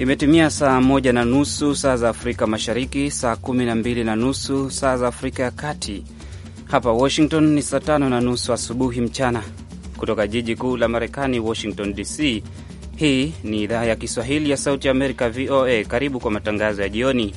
Imetimia saa moja na nusu saa za Afrika Mashariki, saa kumi na mbili na nusu saa za Afrika ya Kati. Hapa Washington ni saa tano na nusu asubuhi mchana, kutoka jiji kuu la Marekani, Washington DC. Hii ni idhaa ya Kiswahili ya Sauti ya Amerika, VOA. Karibu kwa matangazo ya jioni.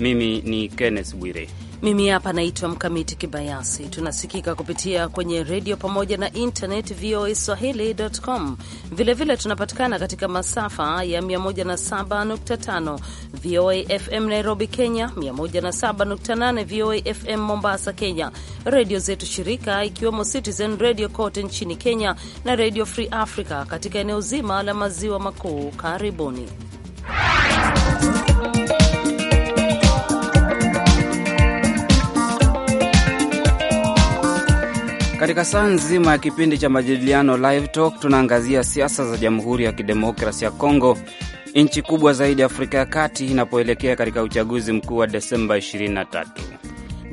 Mimi ni Kenneth Bwire mimi hapa naitwa Mkamiti Kibayasi. Tunasikika kupitia kwenye redio pamoja na internet voa swahili.com. Vilevile tunapatikana katika masafa ya 107.5 VOA FM Nairobi, Kenya, 107.8 VOA FM Mombasa, Kenya, redio zetu shirika ikiwemo Citizen Radio kote nchini Kenya na Radio Free Africa katika eneo zima la maziwa makuu. Karibuni. Katika saa nzima ya kipindi cha majadiliano Live Talk tunaangazia siasa za Jamhuri ya Kidemokrasi ya Kongo, nchi kubwa zaidi Afrika ya Kati, inapoelekea katika uchaguzi mkuu wa Desemba 23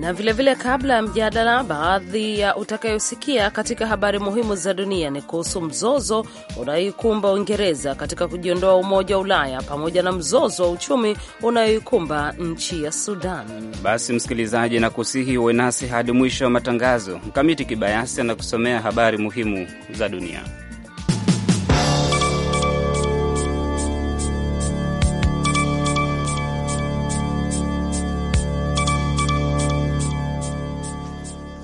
na vilevile vile, kabla ya mjadala, baadhi ya utakayosikia katika habari muhimu za dunia ni kuhusu mzozo unayoikumba Uingereza katika kujiondoa Umoja wa Ulaya pamoja na mzozo wa uchumi unayoikumba nchi ya Sudan. Basi msikilizaji, na kusihi uwe nasi hadi mwisho wa matangazo. Mkamiti Kibayasi anakusomea habari muhimu za dunia.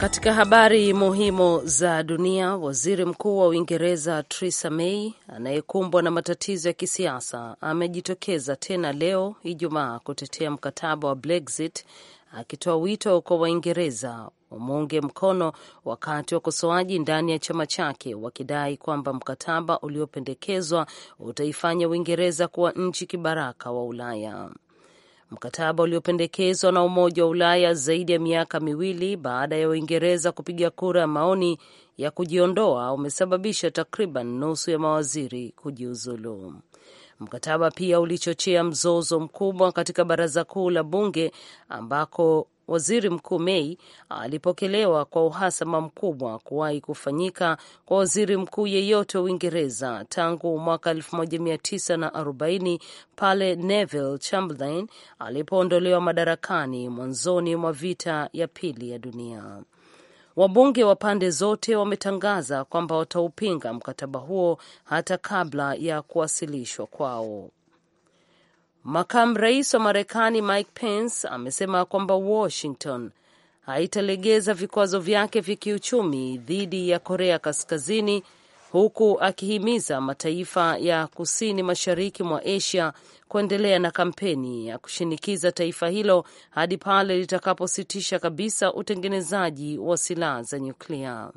Katika habari muhimu za dunia, waziri mkuu wa Uingereza Theresa May anayekumbwa na matatizo ya kisiasa amejitokeza tena leo Ijumaa kutetea mkataba wa Brexit, akitoa wito kwa Waingereza wamuunge mkono, wakati wakosoaji ndani ya chama chake wakidai kwamba mkataba uliopendekezwa utaifanya Uingereza kuwa nchi kibaraka wa Ulaya mkataba uliopendekezwa na Umoja wa Ulaya zaidi ya miaka miwili baada ya Uingereza kupiga kura ya maoni ya kujiondoa umesababisha takriban nusu ya mawaziri kujiuzulu. Mkataba pia ulichochea mzozo mkubwa katika baraza kuu la bunge ambako Waziri Mkuu Mei alipokelewa kwa uhasama mkubwa kuwahi kufanyika kwa waziri mkuu yeyote Uingereza tangu mwaka 1940 pale Neville Chamberlain alipoondolewa madarakani mwanzoni mwa vita ya pili ya dunia. Wabunge wa pande zote wametangaza kwamba wataupinga mkataba huo hata kabla ya kuwasilishwa kwao. Makamu rais wa Marekani Mike Pence amesema kwamba Washington haitalegeza vikwazo vyake vya kiuchumi dhidi ya Korea Kaskazini, huku akihimiza mataifa ya kusini mashariki mwa Asia kuendelea na kampeni ya kushinikiza taifa hilo hadi pale litakapositisha kabisa utengenezaji wa silaha za nyuklia.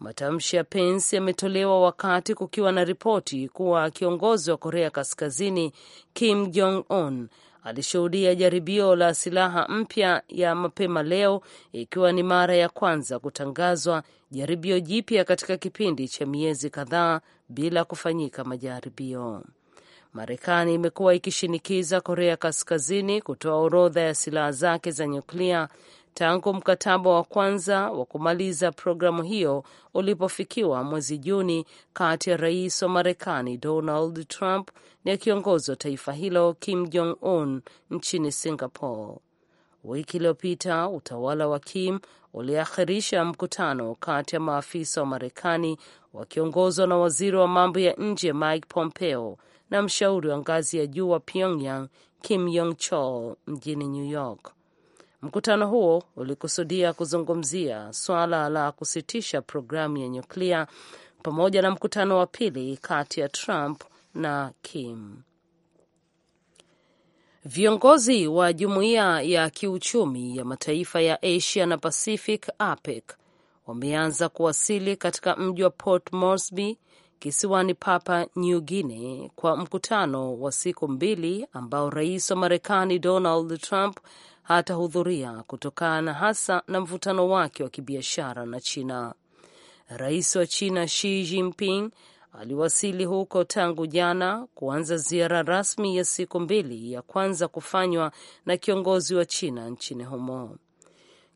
Matamshi ya Pence yametolewa wakati kukiwa na ripoti kuwa kiongozi wa Korea Kaskazini Kim Jong Un alishuhudia jaribio la silaha mpya ya mapema leo, ikiwa ni mara ya kwanza kutangazwa jaribio jipya katika kipindi cha miezi kadhaa bila kufanyika majaribio. Marekani imekuwa ikishinikiza Korea Kaskazini kutoa orodha ya silaha zake za nyuklia tangu mkataba wa kwanza wa kumaliza programu hiyo ulipofikiwa mwezi Juni kati ya rais wa Marekani Donald Trump na kiongozi wa taifa hilo Kim Jong Un nchini Singapore. Wiki iliyopita utawala wa Kim uliakhirisha mkutano kati ya maafisa wa Marekani wakiongozwa na waziri wa mambo ya nje Mike Pompeo na mshauri wa ngazi ya juu wa Pyongyang Kim Yong Chol mjini New York. Mkutano huo ulikusudia kuzungumzia suala la kusitisha programu ya nyuklia pamoja na mkutano wa pili kati ya Trump na Kim. Viongozi wa jumuiya ya kiuchumi ya mataifa ya Asia na Pacific, APEC, wameanza kuwasili katika mji wa Port Moresby kisiwani Papua New Guinea kwa mkutano wa siku mbili ambao rais wa Marekani Donald Trump hatahudhuria kutokana hasa na mvutano wake wa kibiashara na China. Rais wa China Xi Jinping aliwasili huko tangu jana kuanza ziara rasmi ya siku mbili ya kwanza kufanywa na kiongozi wa China nchini humo.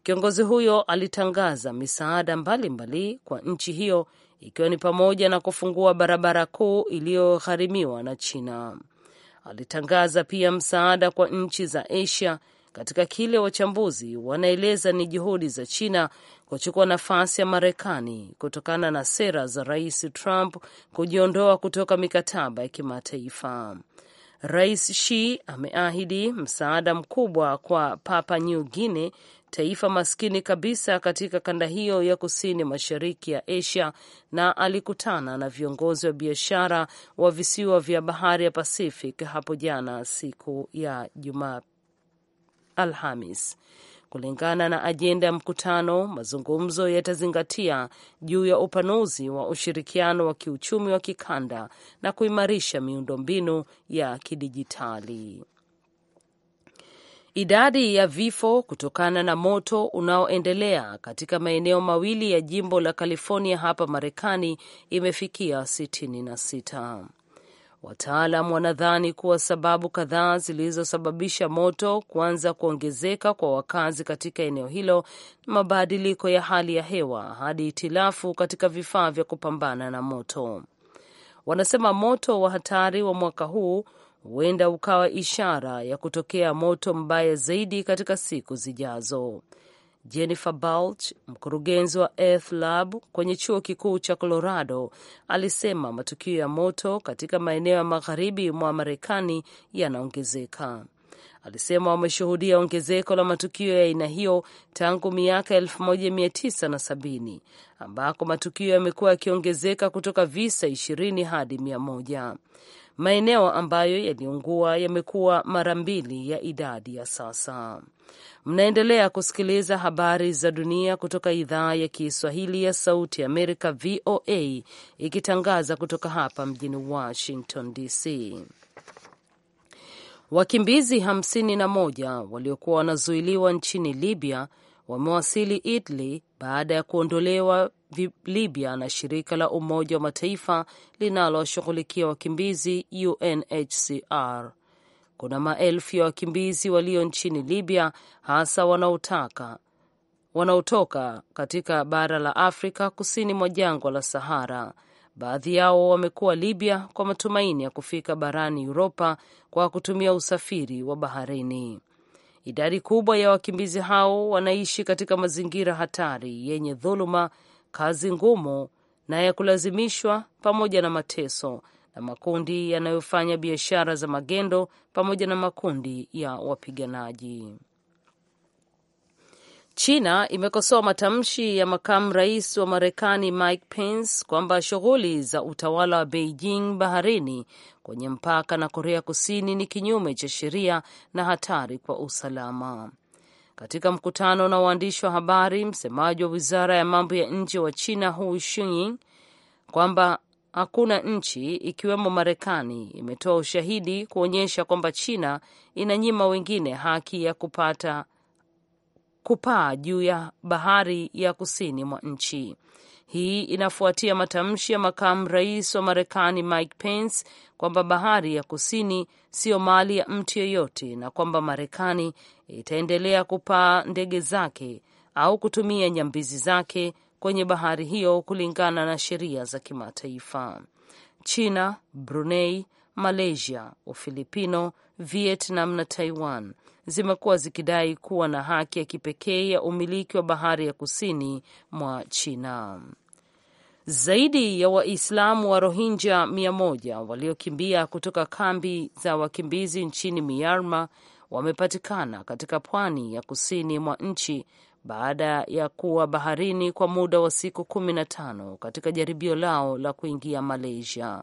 Kiongozi huyo alitangaza misaada mbalimbali mbali kwa nchi hiyo ikiwa ni pamoja na kufungua barabara kuu iliyogharimiwa na China. Alitangaza pia msaada kwa nchi za Asia katika kile wachambuzi wanaeleza ni juhudi za China kuchukua nafasi ya Marekani kutokana na sera za Rais Trump kujiondoa kutoka mikataba ya kimataifa. Rais Xi ameahidi msaada mkubwa kwa Papua New Guinea, taifa maskini kabisa katika kanda hiyo ya kusini mashariki ya Asia, na alikutana na viongozi wa biashara wa visiwa vya bahari ya Pacific hapo jana siku ya Jumapili. Alhamis. Kulingana na ajenda ya mkutano, mazungumzo yatazingatia juu ya upanuzi wa ushirikiano wa kiuchumi wa kikanda na kuimarisha miundombinu ya kidijitali. Idadi ya vifo kutokana na moto unaoendelea katika maeneo mawili ya jimbo la California hapa Marekani imefikia na sita Wataalam wanadhani kuwa sababu kadhaa zilizosababisha moto kuanza kuongezeka kwa wakazi katika eneo hilo ni mabadiliko ya hali ya hewa hadi itilafu katika vifaa vya kupambana na moto. Wanasema moto wa hatari wa mwaka huu huenda ukawa ishara ya kutokea moto mbaya zaidi katika siku zijazo. Jennifer Balch, mkurugenzi wa Earth Lab kwenye chuo kikuu cha Colorado, alisema matukio ya moto katika maeneo ya magharibi mwa Marekani yanaongezeka. Alisema wameshuhudia ongezeko la matukio ya aina hiyo tangu miaka 1970 ambako matukio yamekuwa yakiongezeka kutoka visa 20 hadi 100. Maeneo ambayo yaliungua yamekuwa mara mbili ya idadi ya sasa. Mnaendelea kusikiliza habari za dunia kutoka idhaa ya Kiswahili ya Sauti Amerika, VOA, ikitangaza kutoka hapa mjini Washington DC. Wakimbizi 51 waliokuwa wanazuiliwa nchini Libya wamewasili Italy baada ya kuondolewa Libya na shirika la Umoja wa Mataifa linaloshughulikia wakimbizi UNHCR. Kuna maelfu ya wakimbizi walio nchini Libya, hasa wanaotaka wanaotoka katika bara la Afrika kusini mwa jangwa la Sahara. Baadhi yao wamekuwa Libya kwa matumaini ya kufika barani Uropa kwa kutumia usafiri wa baharini. Idadi kubwa ya wakimbizi hao wanaishi katika mazingira hatari yenye dhuluma kazi ngumu na ya kulazimishwa pamoja na mateso na makundi yanayofanya biashara za magendo pamoja na makundi ya wapiganaji. China imekosoa matamshi ya makamu rais wa Marekani Mike Pence kwamba shughuli za utawala wa Beijing baharini kwenye mpaka na Korea Kusini ni kinyume cha sheria na hatari kwa usalama. Katika mkutano na waandishi wa habari, msemaji wa wizara ya mambo ya nje wa China Hu Chunying kwamba hakuna nchi ikiwemo Marekani imetoa ushahidi kuonyesha kwamba China inanyima wengine haki ya kupata kupaa juu ya bahari ya kusini mwa nchi. Hii inafuatia matamshi ya makamu rais wa Marekani Mike Pence kwamba bahari ya kusini siyo mali ya mtu yeyote na kwamba Marekani itaendelea kupaa ndege zake au kutumia nyambizi zake kwenye bahari hiyo kulingana na sheria za kimataifa. China, Brunei, Malaysia, Ufilipino, Vietnam na Taiwan zimekuwa zikidai kuwa na haki ya kipekee ya umiliki wa bahari ya kusini mwa China. Zaidi ya Waislamu wa Rohingya mia moja waliokimbia kutoka kambi za wakimbizi nchini Myanmar wamepatikana katika pwani ya kusini mwa nchi baada ya kuwa baharini kwa muda wa siku kumi na tano katika jaribio lao la kuingia Malaysia.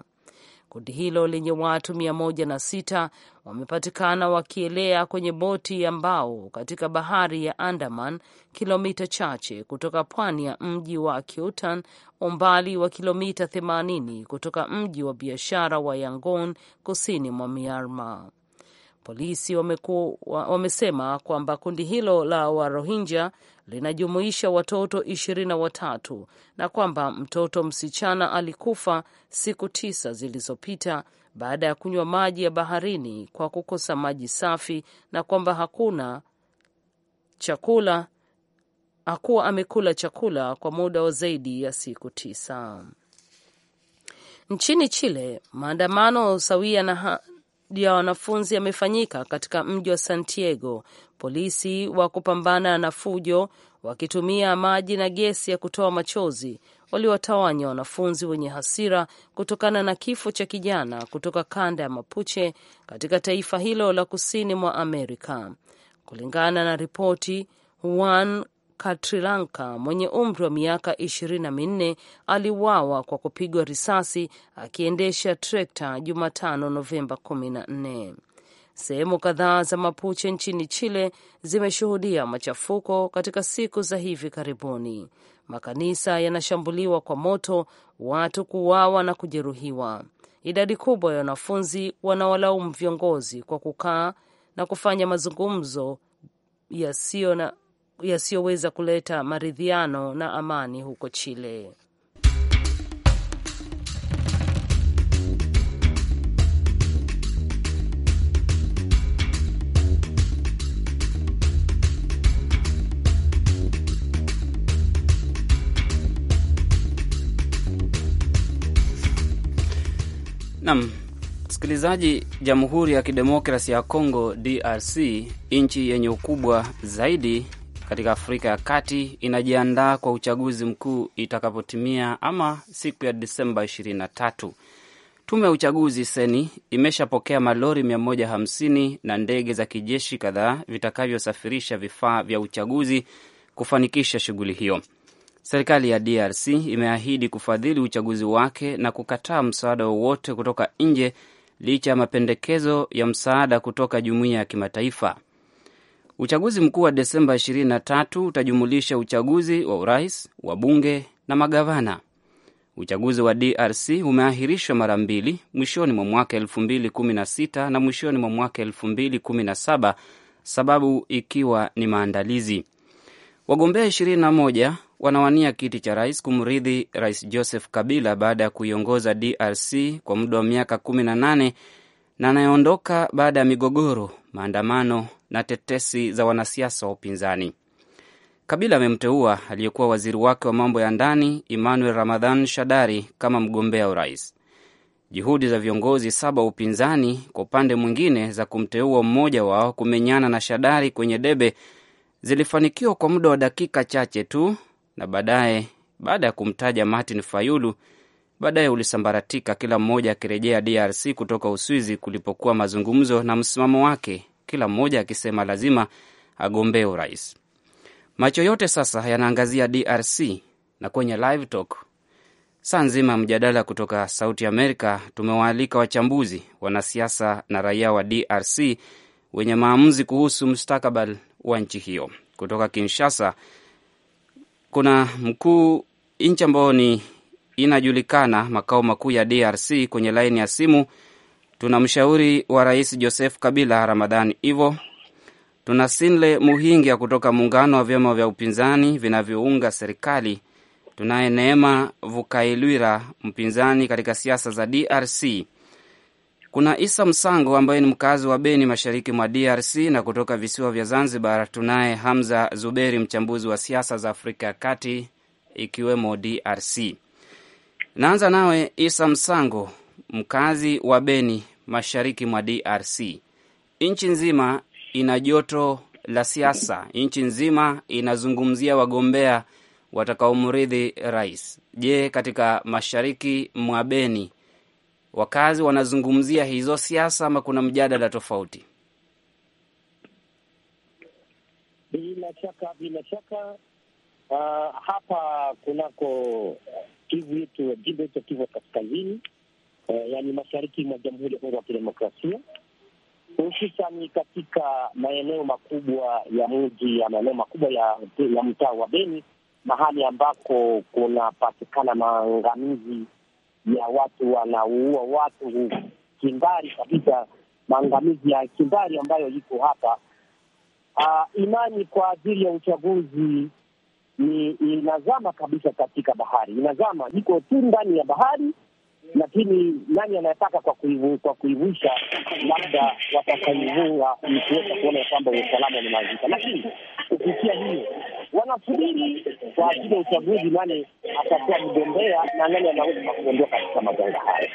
Kundi hilo lenye watu mia moja na sita wamepatikana wakielea kwenye boti ya mbao katika bahari ya Andaman, kilomita chache kutoka pwani ya mji wa Akutan, umbali wa kilomita 80 kutoka mji wa biashara wa Yangon, kusini mwa Myanmar. Polisi wameku, wamesema kwamba kundi hilo la Warohingya linajumuisha watoto ishirini na watatu na kwamba mtoto msichana alikufa siku tisa zilizopita baada ya kunywa maji ya baharini kwa kukosa maji safi na kwamba hakuna chakula hakuwa amekula chakula kwa muda wa zaidi ya siku tisa. Nchini Chile, maandamano sawia na, ha ya wanafunzi yamefanyika katika mji wa Santiago, polisi wa kupambana na fujo wakitumia maji na gesi ya kutoa machozi waliwatawanya wanafunzi wenye hasira kutokana na kifo cha kijana kutoka kanda ya Mapuche katika taifa hilo la kusini mwa Amerika, kulingana na ripoti. Juan Katrilanka mwenye umri wa miaka ishirini na minne aliuawa kwa kupigwa risasi akiendesha trekta Jumatano Novemba kumi na nne Sehemu kadhaa za Mapuche nchini Chile zimeshuhudia machafuko katika siku za hivi karibuni. Makanisa yanashambuliwa kwa moto, watu kuuawa na kujeruhiwa. Idadi kubwa ya wanafunzi wanawalaumu viongozi kwa kukaa na kufanya mazungumzo yasiyo na yasiyoweza kuleta maridhiano na amani huko Chile. Nam msikilizaji, Jamhuri ya Kidemokrasi ya Kongo, DRC, nchi yenye ukubwa zaidi katika Afrika ya Kati inajiandaa kwa uchaguzi mkuu itakapotimia ama siku ya Disemba 23. Tume ya uchaguzi seni imeshapokea malori 150 na ndege za kijeshi kadhaa vitakavyosafirisha vifaa vya uchaguzi kufanikisha shughuli hiyo. Serikali ya DRC imeahidi kufadhili uchaguzi wake na kukataa msaada wowote kutoka nje licha ya mapendekezo ya msaada kutoka jumuiya ya kimataifa. Uchaguzi mkuu wa Desemba 23 utajumulisha uchaguzi wa urais, wa bunge na magavana. Uchaguzi wa DRC umeahirishwa mara mbili, mwishoni mwa mwaka 2016 na mwishoni mwa mwaka 2017, sababu ikiwa ni maandalizi. Wagombea 21 wanawania kiti cha rais kumrithi Rais Joseph Kabila baada ya kuiongoza DRC kwa muda wa miaka 18 na anayeondoka baada ya migogoro, maandamano na tetesi za wanasiasa wa upinzani. Kabila amemteua aliyekuwa waziri wake wa mambo ya ndani Emmanuel Ramadhan Shadari kama mgombea urais. Juhudi za viongozi saba wa upinzani kwa upande mwingine za kumteua mmoja wao kumenyana na Shadari kwenye debe zilifanikiwa kwa muda wa dakika chache tu, na baadaye, baada ya kumtaja Martin Fayulu baadaye ulisambaratika, kila mmoja akirejea DRC kutoka Uswizi kulipokuwa mazungumzo na msimamo wake, kila mmoja akisema lazima agombee urais. Macho yote sasa yanaangazia DRC na kwenye Live Talk saa nzima mjadala kutoka Sauti Amerika tumewaalika wachambuzi, wanasiasa na raia wa DRC wenye maamuzi kuhusu mustakabali wa nchi hiyo. Kutoka Kinshasa kuna mkuu nchi ambao ni inajulikana makao makuu ya DRC. Kwenye laini ya simu tuna mshauri wa rais Joseph Kabila Ramadhan Ivo, tuna Sinle Muhingia kutoka muungano wa vyama vya upinzani vinavyounga serikali, tunaye Neema Vukailwira, mpinzani katika siasa za DRC, kuna Isa Msango ambaye ni mkazi wa Beni, mashariki mwa DRC, na kutoka visiwa vya Zanzibar tunaye Hamza Zuberi, mchambuzi wa siasa za Afrika ya Kati ikiwemo DRC. Naanza nawe Isa Msango, mkazi wa Beni, mashariki mwa DRC. Nchi nzima ina joto la siasa, nchi nzima inazungumzia wagombea watakaomrithi rais. Je, katika mashariki mwa Beni wakazi wanazungumzia hizo siasa ama kuna mjadala tofauti? Bila shaka, bila shaka. Uh, hapa kunako Kivu yetu jimbo yetu ya Kivu Kaskazini, yaani mashariki mwa Jamhuri ya Kongo ya Kidemokrasia, hususani katika maeneo makubwa ya mji ya maeneo makubwa ya, ya mtaa wa Beni, mahali ambako kunapatikana maangamizi ya watu wanaua watu kimbari kabisa, maangamizi ya kimbari ambayo iko hapa. Uh, imani kwa ajili ya uchaguzi ni inazama kabisa katika bahari, inazama, iko tu ndani ya bahari, lakini nani anayetaka kwa kuivu, kwa kuivusha, labda watakaivua ni kuweza kuona kwamba usalama umemalizika, lakini kupitia hiyo wanasubiri kwa ajili ya uchaguzi, nani atakuwa mgombea na nani anaweza kuondoa katika majanga hayo.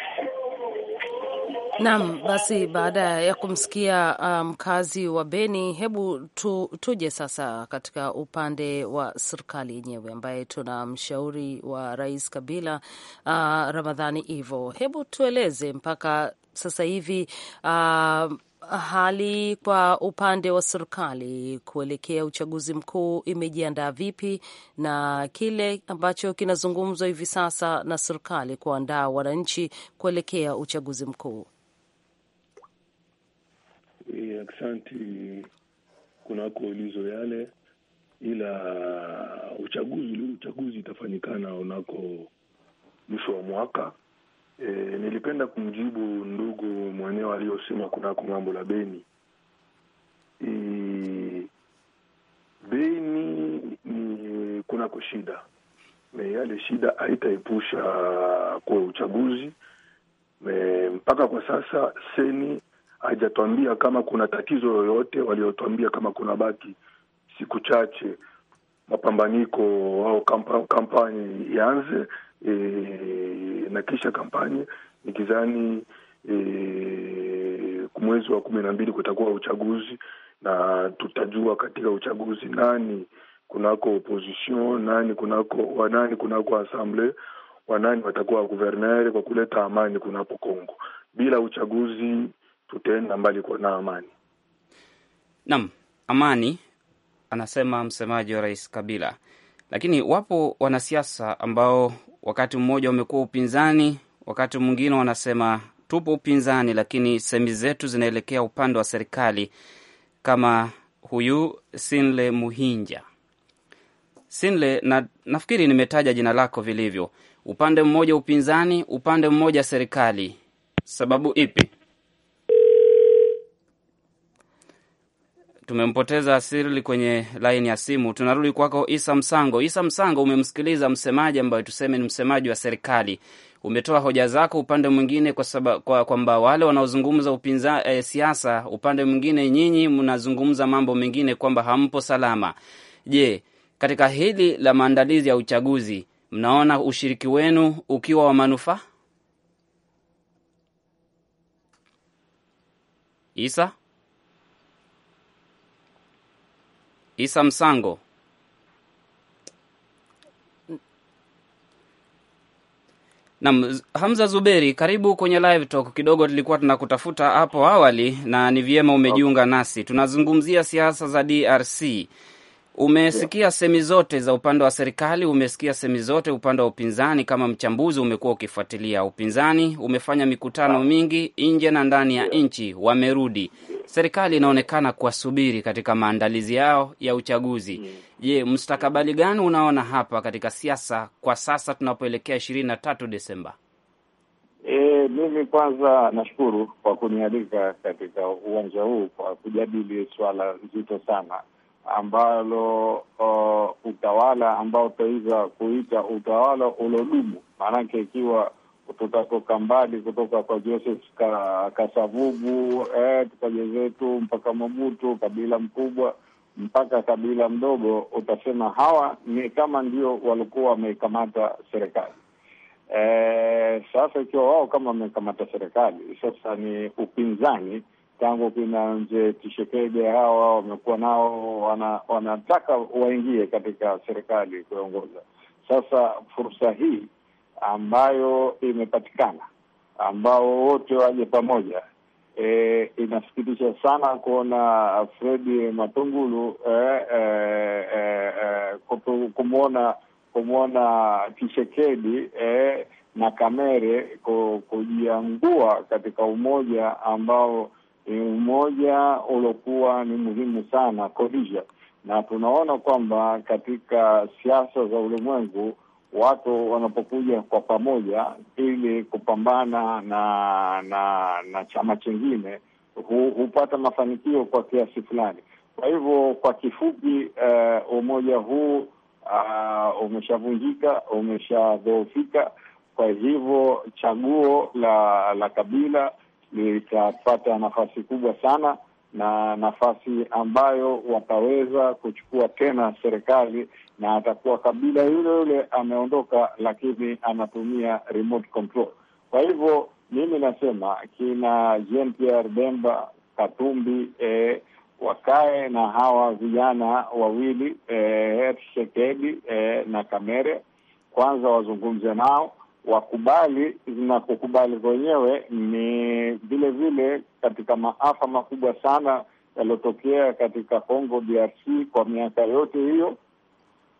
Naam, basi baada ya kumsikia mkazi um, wa Beni, hebu tu, tuje sasa katika upande wa serikali yenyewe ambaye tuna mshauri wa Rais Kabila uh, Ramadhani Ivo, hebu tueleze mpaka sasa hivi uh, hali kwa upande wa serikali kuelekea uchaguzi mkuu imejiandaa vipi, na kile ambacho kinazungumzwa hivi sasa na serikali kuandaa wananchi kuelekea uchaguzi mkuu? e, aksanti kunako ulizo yale, ila uchaguzi uchaguzi itafanyikana unako mwisho wa mwaka. E, nilipenda kumjibu ndugu mwenyewe aliyosema kunako ng'ambo la Beni. E, Beni ni kunako shida me, yale shida haitaepusha kwa uchaguzi me, mpaka kwa sasa seni haijatuambia kama kuna tatizo yoyote. Waliotuambia kama kuna baki siku chache mapambaniko au kampani ianze e, na kisha kampani nikizani e, mwezi wa kumi na mbili kutakuwa uchaguzi na tutajua katika uchaguzi nani kunako opposition nani kunako wanani kunako asamble wanani watakuwa waguverner kwa kuleta amani kunapo Kongo. Bila uchaguzi tutaenda mbali kwa na amani. Naam, amani, anasema msemaji wa Rais Kabila. Lakini wapo wanasiasa ambao wakati mmoja wamekuwa upinzani, wakati mwingine wanasema tupo upinzani, lakini semi zetu zinaelekea upande wa serikali, kama huyu Sinle Muhinja. Sinle na, nafikiri nimetaja jina lako vilivyo. Upande mmoja upinzani, upande mmoja serikali, sababu ipi? tumempoteza Sirli kwenye laini ya simu. Tunarudi kwako Isa Msango. Isa Msango, umemsikiliza msemaji ambayo tuseme ni msemaji wa serikali, umetoa hoja zako upande mwingine, kwamba kwa, kwa wale wanaozungumza upinza e, siasa upande mwingine, nyinyi mnazungumza mambo mengine kwamba hampo salama. Je, katika hili la maandalizi ya uchaguzi mnaona ushiriki wenu ukiwa wa manufaa? Isa Isa Msango, Nam Hamza Zuberi, karibu kwenye live talk. Kidogo tulikuwa tunakutafuta hapo awali na ni vyema umejiunga nasi. Tunazungumzia siasa za DRC. Umesikia semi zote za upande wa serikali, umesikia semi zote upande wa upinzani. Kama mchambuzi, umekuwa ukifuatilia upinzani, umefanya mikutano mingi nje na ndani ya nchi, wamerudi serikali inaonekana kuwasubiri katika maandalizi yao ya uchaguzi. Hmm. Je, mm. mustakabali gani unaona hapa katika siasa kwa sasa tunapoelekea ishirini na tatu Desemba? E, mimi kwanza nashukuru kwa kunialika katika uwanja huu kwa kujadili swala nzito sana ambalo uh, utawala ambao utaweza kuita utawala ulodumu, maanake ikiwa tutatoka mbali kutoka kwa Joseph Kasavubu eh, tukaje zetu mpaka Mobutu, kabila mkubwa mpaka kabila mdogo, utasema hawa ni kama ndio walikuwa wameikamata serikali. Eh, sasa ikiwa wao kama wamekamata serikali, sasa ni upinzani tangu kina mzee Tshisekedi hawa wamekuwa nao wana, wanataka waingie katika serikali kuongoza. Sasa fursa hii ambayo imepatikana, ambao wote waje pamoja. E, inasikitisha sana kuona Fredi Matungulu e, e, e, e kumwona kumwona Kishekedi e, na Kamere kujiangua katika umoja ambao ni umoja uliokuwa ni muhimu sana kodisha, na tunaona kwamba katika siasa za ulimwengu watu wanapokuja kwa pamoja ili kupambana na na na chama chingine hu, hupata mafanikio kwa kiasi fulani. Kwa hivyo kwa kifupi, uh, umoja huu uh, umeshavunjika, umeshadhoofika. Kwa hivyo chaguo la la kabila litapata nafasi kubwa sana na nafasi ambayo wataweza kuchukua tena serikali na atakuwa kabila yule yule ameondoka, lakini anatumia remote control. Kwa hivyo mimi nasema kina Jean Pierre Bemba Katumbi eh, wakae na hawa vijana wawili eh, Tshisekedi eh, na Kamere kwanza, wazungumze nao wakubali na kukubali kwenyewe ni vile vile katika maafa makubwa sana yaliyotokea katika Congo DRC kwa miaka yote hiyo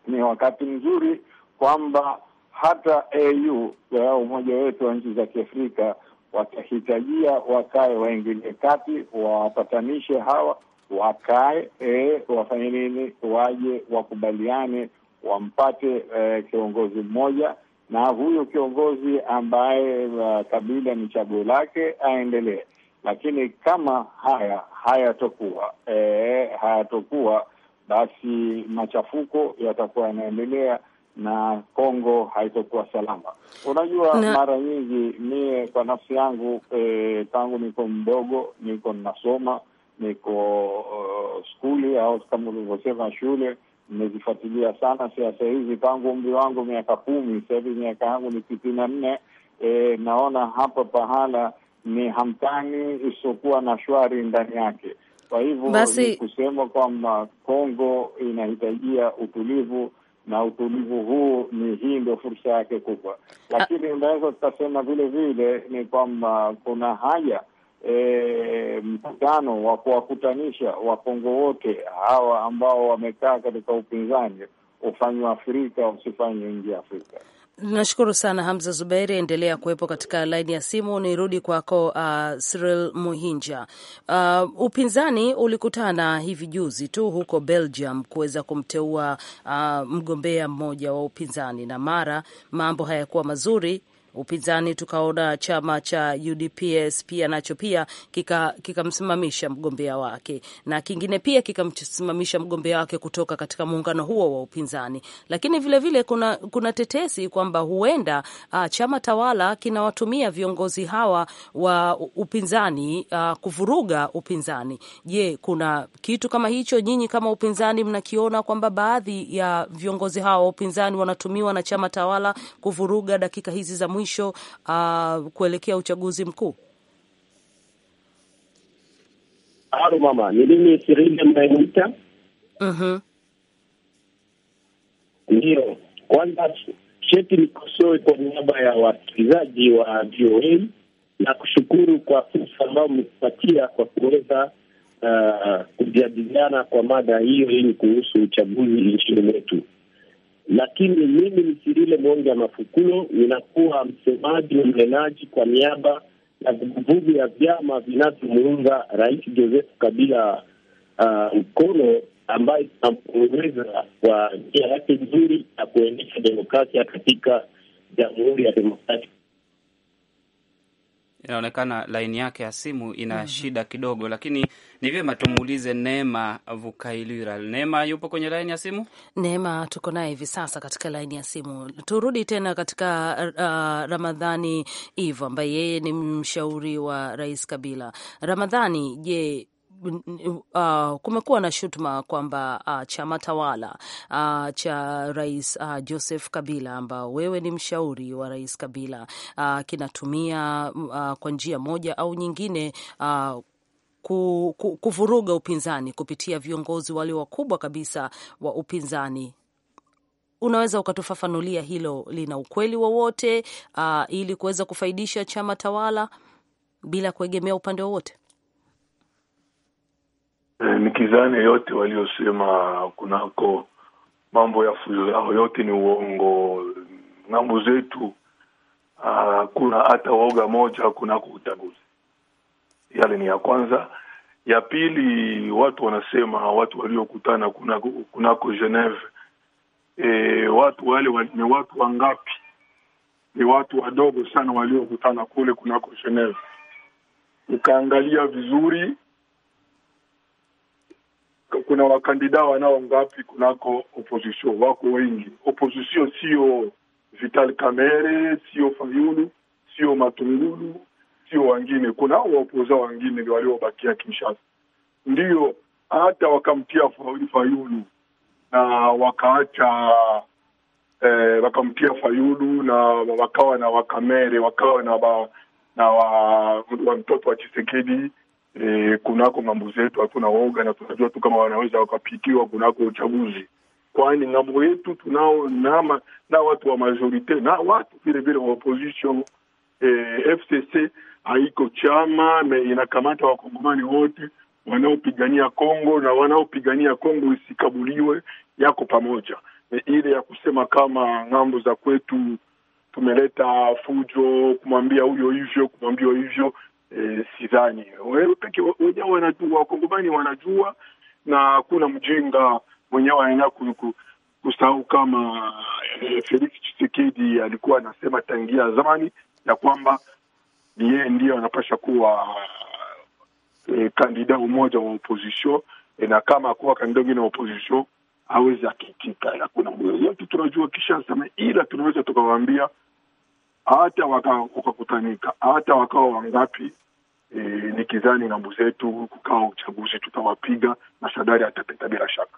ni wakati mzuri kwamba hata AU ya umoja wetu wa nchi za Kiafrika watahitajia wakae, waingilie kati, wawapatanishe hawa, wakae e, wafanye nini, waje wakubaliane, wampate e, kiongozi mmoja, na huyo kiongozi ambaye uh, kabila ni chaguo lake aendelee. Lakini kama haya hayatokuwa e, hayatokuwa basi machafuko yatakuwa yanaendelea na Kongo haitokuwa salama. Unajua na... mara nyingi mie kwa nafsi yangu e, tangu niko mdogo niko nasoma niko uh, skuli au kama ulivyosema shule, nimezifuatilia sana siasa hizi tangu umri wangu miaka kumi. Sasa hivi miaka yangu ni sitini na nne. E, naona hapa pahala ni hamtani isiokuwa na shwari ndani yake. Kwa hivyo Basi... ni kusema kwamba Kongo inahitajia utulivu na utulivu huu ni hii ndio fursa yake kubwa, lakini unaweza tukasema vile vile ni kwamba kuna haja e, mkutano wa kuwakutanisha Wakongo wote hawa ambao wamekaa katika upinzani ufanywe Afrika, usifanywe nje ya Afrika. Nashukuru sana Hamza Zuberi, endelea kuwepo katika laini ya simu. Nirudi kwako uh, Cyril Muhinja. Uh, upinzani ulikutana hivi juzi tu huko Belgium kuweza kumteua uh, mgombea mmoja wa upinzani, na mara mambo hayakuwa mazuri upinzani tukaona chama cha UDPS pia nacho pia kikamsimamisha kika mgombea wake, na kingine pia kikamsimamisha mgombea wake kutoka katika muungano huo wa upinzani. Lakini vilevile vile kuna, kuna tetesi kwamba huenda uh, chama tawala kinawatumia viongozi hawa wa upinzani uh, kuvuruga upinzani. Je, kuna kitu kama hicho? Nyinyi kama upinzani mnakiona kwamba baadhi ya viongozi hawa wa upinzani wanatumiwa na chama tawala kuvuruga dakika hizi za mwisho? mwisho uh, kuelekea uchaguzi mkuu? Halo mama, ni mimi Sirinde Mbaimwita. Mhm, uh-huh. ndiyo. Kwanza sheti nikosoe kwa niaba ya wasikilizaji wa VOA na kushukuru kwa fursa ambayo mmetupatia kwa kuweza uh, kujadiliana kwa mada hiyo yenye kuhusu uchaguzi nchini mwetu lakini mimi mwonge ya Mafukulo ninakuwa msemaji na mnenaji kwa niaba ya vuguvugu ya vyama vinavyomuunga Rais Joseph Kabila uh, mkono ambaye tunampongeza kwa njia yake nzuri ya kuendesha demokrasia katika Jamhuri ya Demokrasia inaonekana laini yake ya simu ina mm -hmm. shida kidogo, lakini ni vyema tumuulize Neema vukailira Neema yupo kwenye laini ya simu. Neema tuko naye hivi sasa katika laini ya simu. Turudi tena katika uh, Ramadhani Ivo ambaye yeye ni mshauri wa Rais Kabila. Ramadhani, je, uh, kumekuwa na shutuma kwamba uh, chama tawala uh, cha rais uh, Joseph Kabila ambao wewe ni mshauri wa rais Kabila uh, kinatumia uh, kwa njia moja au nyingine uh, kuvuruga upinzani kupitia viongozi wale wakubwa kabisa wa upinzani. Unaweza ukatufafanulia hilo lina ukweli wowote, uh, ili kuweza kufaidisha chama tawala bila kuegemea upande wowote? e, eh, nikizane yote waliosema kunako mambo ya fuzo yao yote ni uongo. Ng'ambo zetu ah, hakuna hata woga moja kunako uchaguzi. Yale ni ya kwanza. Ya pili, watu wanasema watu waliokutana kunako, kunako Geneve e, watu wale ni watu wangapi? Ni watu wadogo sana waliokutana kule kunako Geneve. Ukaangalia vizuri kuna wakandida wanao ngapi kunako opposition, wako wengi. Opposition sio Vital Kamerhe, sio Fayulu, sio Matungulu, sio wangine Kuna waopoza wangine waliobakia Kinshasa, ndio hata wakamtia Fayulu na wakaacha eh, wakamtia Fayulu na wakawa na Wakamere, wakawa na ba, na wa, wa mtoto wa Chisekedi e, kunako ng'ambo zetu hatuna woga na tunajua tu kama wanaweza wakapikiwa kunako uchaguzi, kwani ng'ambo yetu tunao nama na watu wa majorite na watu vilevile wa opposition e, FCC haiko chama me inakamata wakongomani wote wanaopigania Kongo na wanaopigania Kongo isikabuliwe yako pamoja. E, ile ya kusema kama ng'ambo za kwetu tumeleta fujo, kumwambia huyo hivyo, kumwambia hivyo, e, sidhani wenyewe wanajua, wakongomani wanajua, na hakuna mjinga mwenyewe aenda kusahau kama e, Felix Tshisekedi alikuwa anasema tangia zamani ya kwamba ni yeye ndiyo anapasha kuwa e, kandida umoja wa opposition e, na kama akuwa kandida wengine wa opposition hawezi akiitika, na kuna yote tunajua sema, ila tunaweza tukawaambia hata wakakutanika waka hata wakawa wangapi, e, ni kizani ng'ambo zetu kukawa uchaguzi tutawapiga na Shadari atapita bila shaka.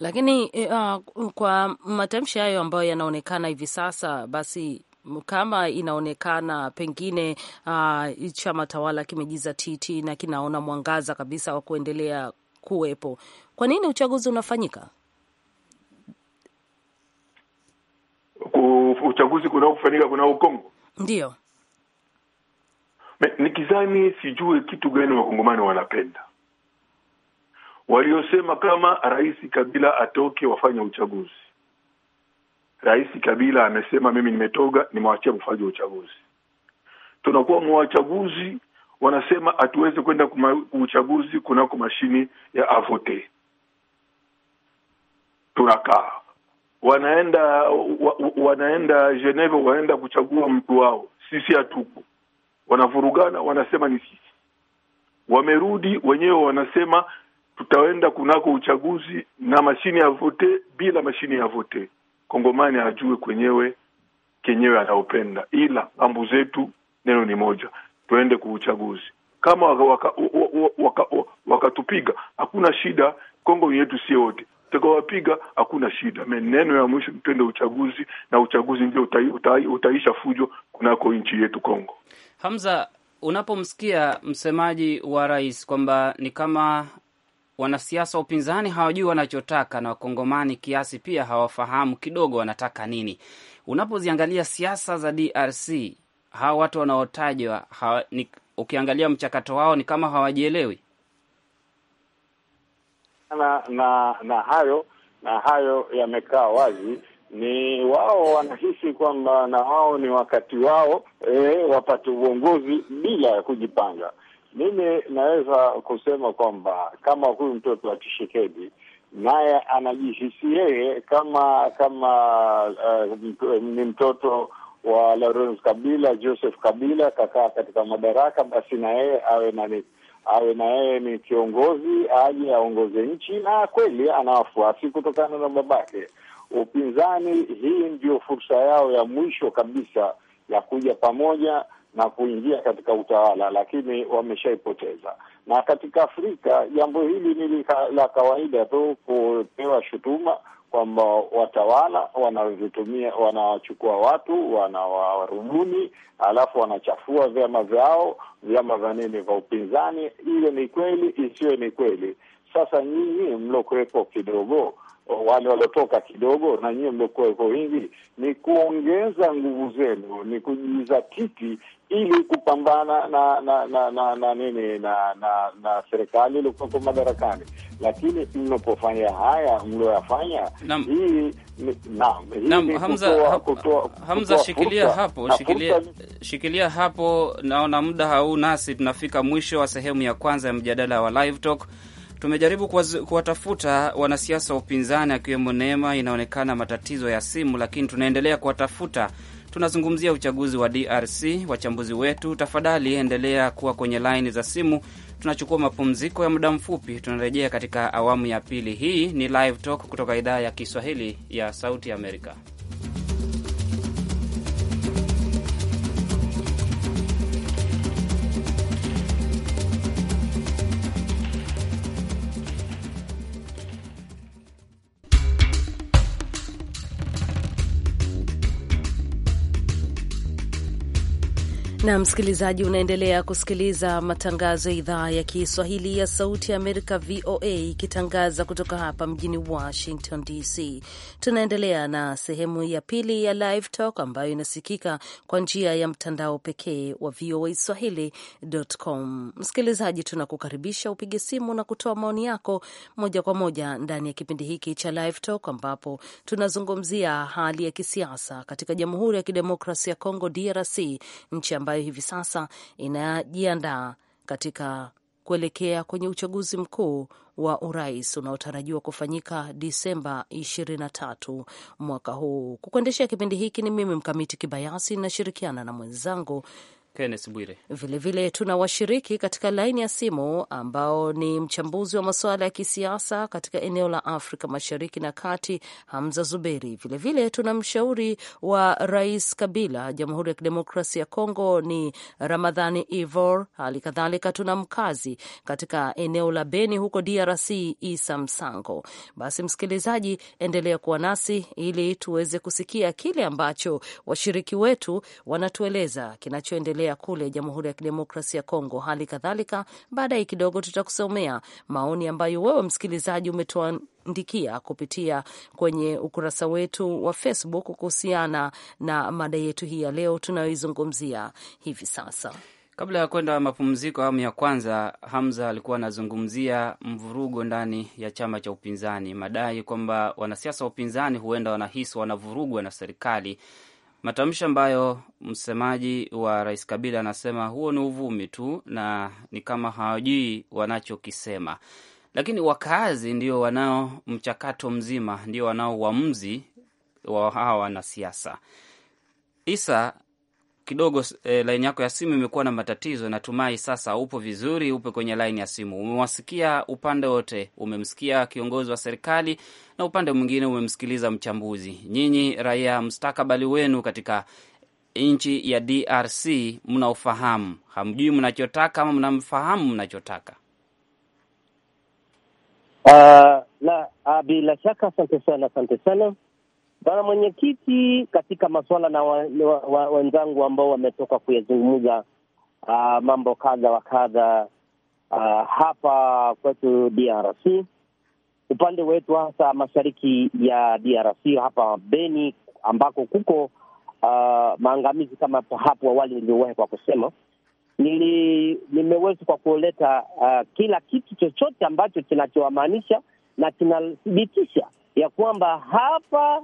Lakini uh, kwa matamshi hayo ambayo yanaonekana hivi sasa, basi kama inaonekana pengine uh, chama tawala kimejizatiti na kinaona mwangaza kabisa wa kuendelea kuwepo, kwa nini uchaguzi unafanyika? Uchaguzi kunaofanyika kunao Kongo ndio nikizani sijue kitu gani wakongomani wanapenda waliosema kama rais Kabila atoke wafanya uchaguzi. Rais Kabila amesema mimi nimetoga, nimewachia kufanya uchaguzi. Tunakuwa mwawachaguzi wanasema hatuweze kwenda uchaguzi kunako mashini ya avote. Tunakaa wanaenda wa, wanaenda Geneva, wanaenda kuchagua mtu wao, sisi hatuko wanavurugana, wanasema ni sisi. Wamerudi wenyewe wanasema tutaenda kunako uchaguzi na mashine ya vote bila mashine ya vote. Kongomani ajue kwenyewe kenyewe anaopenda, ila ambu zetu neno ni moja, tuende uchaguzi Kama wakatupiga waka, waka, waka hakuna shida, Kongo yetu sie wote tukawapiga hakuna shida. Meneno ya mwisho twende uchaguzi, na uchaguzi ndio utai, uta, utaisha fujo kunako nchi yetu Kongo. Hamza, unapomsikia msemaji wa rais kwamba ni kama wanasiasa wa upinzani hawajui wanachotaka na wakongomani kiasi pia hawafahamu kidogo wanataka nini, unapoziangalia siasa za DRC hawa watu wanaotajwa hawa, ukiangalia mchakato wao ni kama hawajielewi na, na, na hayo na hayo yamekaa wazi ni wao wanahisi kwamba na wao ni wakati wao e, wapate uongozi bila ya kujipanga. Mimi naweza kusema kwamba kama huyu mtoto wa Tshisekedi naye anajihisi yeye kama kama uh, ni mtoto wa Laurent Kabila, Joseph Kabila kakaa katika madaraka, basi na yeye awe na awe na yeye ni kiongozi aje aongoze nchi, na kweli ana wafuasi kutokana na babake upinzani. Hii ndiyo fursa yao ya mwisho kabisa ya kuja pamoja na kuingia katika utawala, lakini wameshaipoteza. Na katika Afrika jambo hili ni la kawaida tu, kupewa shutuma kwamba watawala wanavitumia, wanawachukua watu, wanawarubuni, alafu wanachafua vyama vyao, vyama vya nini, vya upinzani. Iwe ni kweli isiwe ni kweli. Sasa nyinyi mlokuwepo kidogo wale waliotoka kidogo na mliokuwa hivyo wingi, ni kuongeza nguvu zenu, ni titi ili kupambana na na na na na nini na na, na serikali iliyokuweko madarakani. Lakini mnapofanya haya mlioyafanya, hii naam, Hamza, Hamza shikilia hapo, shikilia, shikilia hapo. Naona muda hauu nasi tunafika mwisho wa sehemu ya kwanza ya mjadala wa Live Talk. Tumejaribu kuwatafuta wanasiasa wa upinzani akiwemo Neema, inaonekana matatizo ya simu, lakini tunaendelea kuwatafuta. Tunazungumzia uchaguzi wa DRC. Wachambuzi wetu, tafadhali endelea kuwa kwenye laini za simu. Tunachukua mapumziko ya muda mfupi, tunarejea katika awamu ya pili. Hii ni Live Talk kutoka idhaa ya Kiswahili ya Sauti Amerika. na msikilizaji, unaendelea kusikiliza matangazo ya idhaa ya Kiswahili ya Sauti ya Amerika, VOA, ikitangaza kutoka hapa mjini Washington DC. Tunaendelea na sehemu ya pili ya Live Talk ambayo inasikika kwa njia ya mtandao pekee wa VOA Swahili.com. Msikilizaji, tunakukaribisha upige simu na kutoa maoni yako moja kwa moja ndani ya kipindi hiki cha Live Talk ambapo tunazungumzia hali ya kisiasa katika Jamhuri ya Kidemokrasia ya Kongo, DRC, nchi ambayo hivi sasa inajiandaa katika kuelekea kwenye uchaguzi mkuu wa urais unaotarajiwa kufanyika Disemba 23 mwaka huu. Kukuendeshea kipindi hiki ni mimi Mkamiti Kibayasi, nashirikiana na mwenzangu Kenneth Bwire. Vilevile tuna washiriki katika laini ya simu ambao ni mchambuzi wa masuala ya kisiasa katika eneo la Afrika Mashariki na Kati, Hamza Zuberi. Vilevile tuna mshauri wa Rais Kabila, Jamhuri ya Kidemokrasia ya Kongo, ni Ramadhani Ivor. Hali kadhalika tuna mkazi katika eneo la Beni huko DRC, Isa Msango. Basi msikilizaji, endelea kuwa nasi ili tuweze kusikia kile ambacho washiriki wetu wanatueleza kinachoendelea yanayoendelea kule Jamhuri ya Kidemokrasia ya Kongo. Hali kadhalika, baadaye kidogo tutakusomea maoni ambayo wewe msikilizaji umetuandikia kupitia kwenye ukurasa wetu wa Facebook kuhusiana na mada yetu hii ya leo tunayoizungumzia hivi sasa. Kabla ya kwenda mapumziko, awamu ya kwanza, Hamza alikuwa anazungumzia mvurugo ndani ya chama cha upinzani, madai kwamba wanasiasa wa upinzani huenda wanahisi wanavurugwa na serikali matamshi ambayo msemaji wa rais Kabila anasema huo ni uvumi tu na ni kama hawajui wanachokisema, lakini wakazi ndio wanao mchakato mzima, ndio wanao uamuzi wa hawa wanasiasa. Isa kidogo eh, e, laini yako ya simu imekuwa na matatizo. Natumai sasa upo vizuri, upo kwenye laini ya simu. Umewasikia upande wote, umemsikia kiongozi wa serikali na upande mwingine umemsikiliza mchambuzi. Nyinyi raia, mstakabali wenu katika nchi ya DRC mnaofahamu, hamjui mnachotaka ama mnamfahamu mnachotaka? Uh, ah, na uh, ah, bila shaka asante sana, asante sana Bwana Mwenyekiti, katika masuala na wenzangu wa, wa, ambao wametoka kuyazungumza uh, mambo kadha wa kadha uh, hapa kwetu DRC, upande wetu hasa mashariki ya DRC hapa Beni ambako kuko uh, maangamizi kama hapo awali niliowahi kwa kusema nili, nimeweza kwa kuleta uh, kila kitu chochote ambacho kinachowamaanisha na kinathibitisha ya kwamba hapa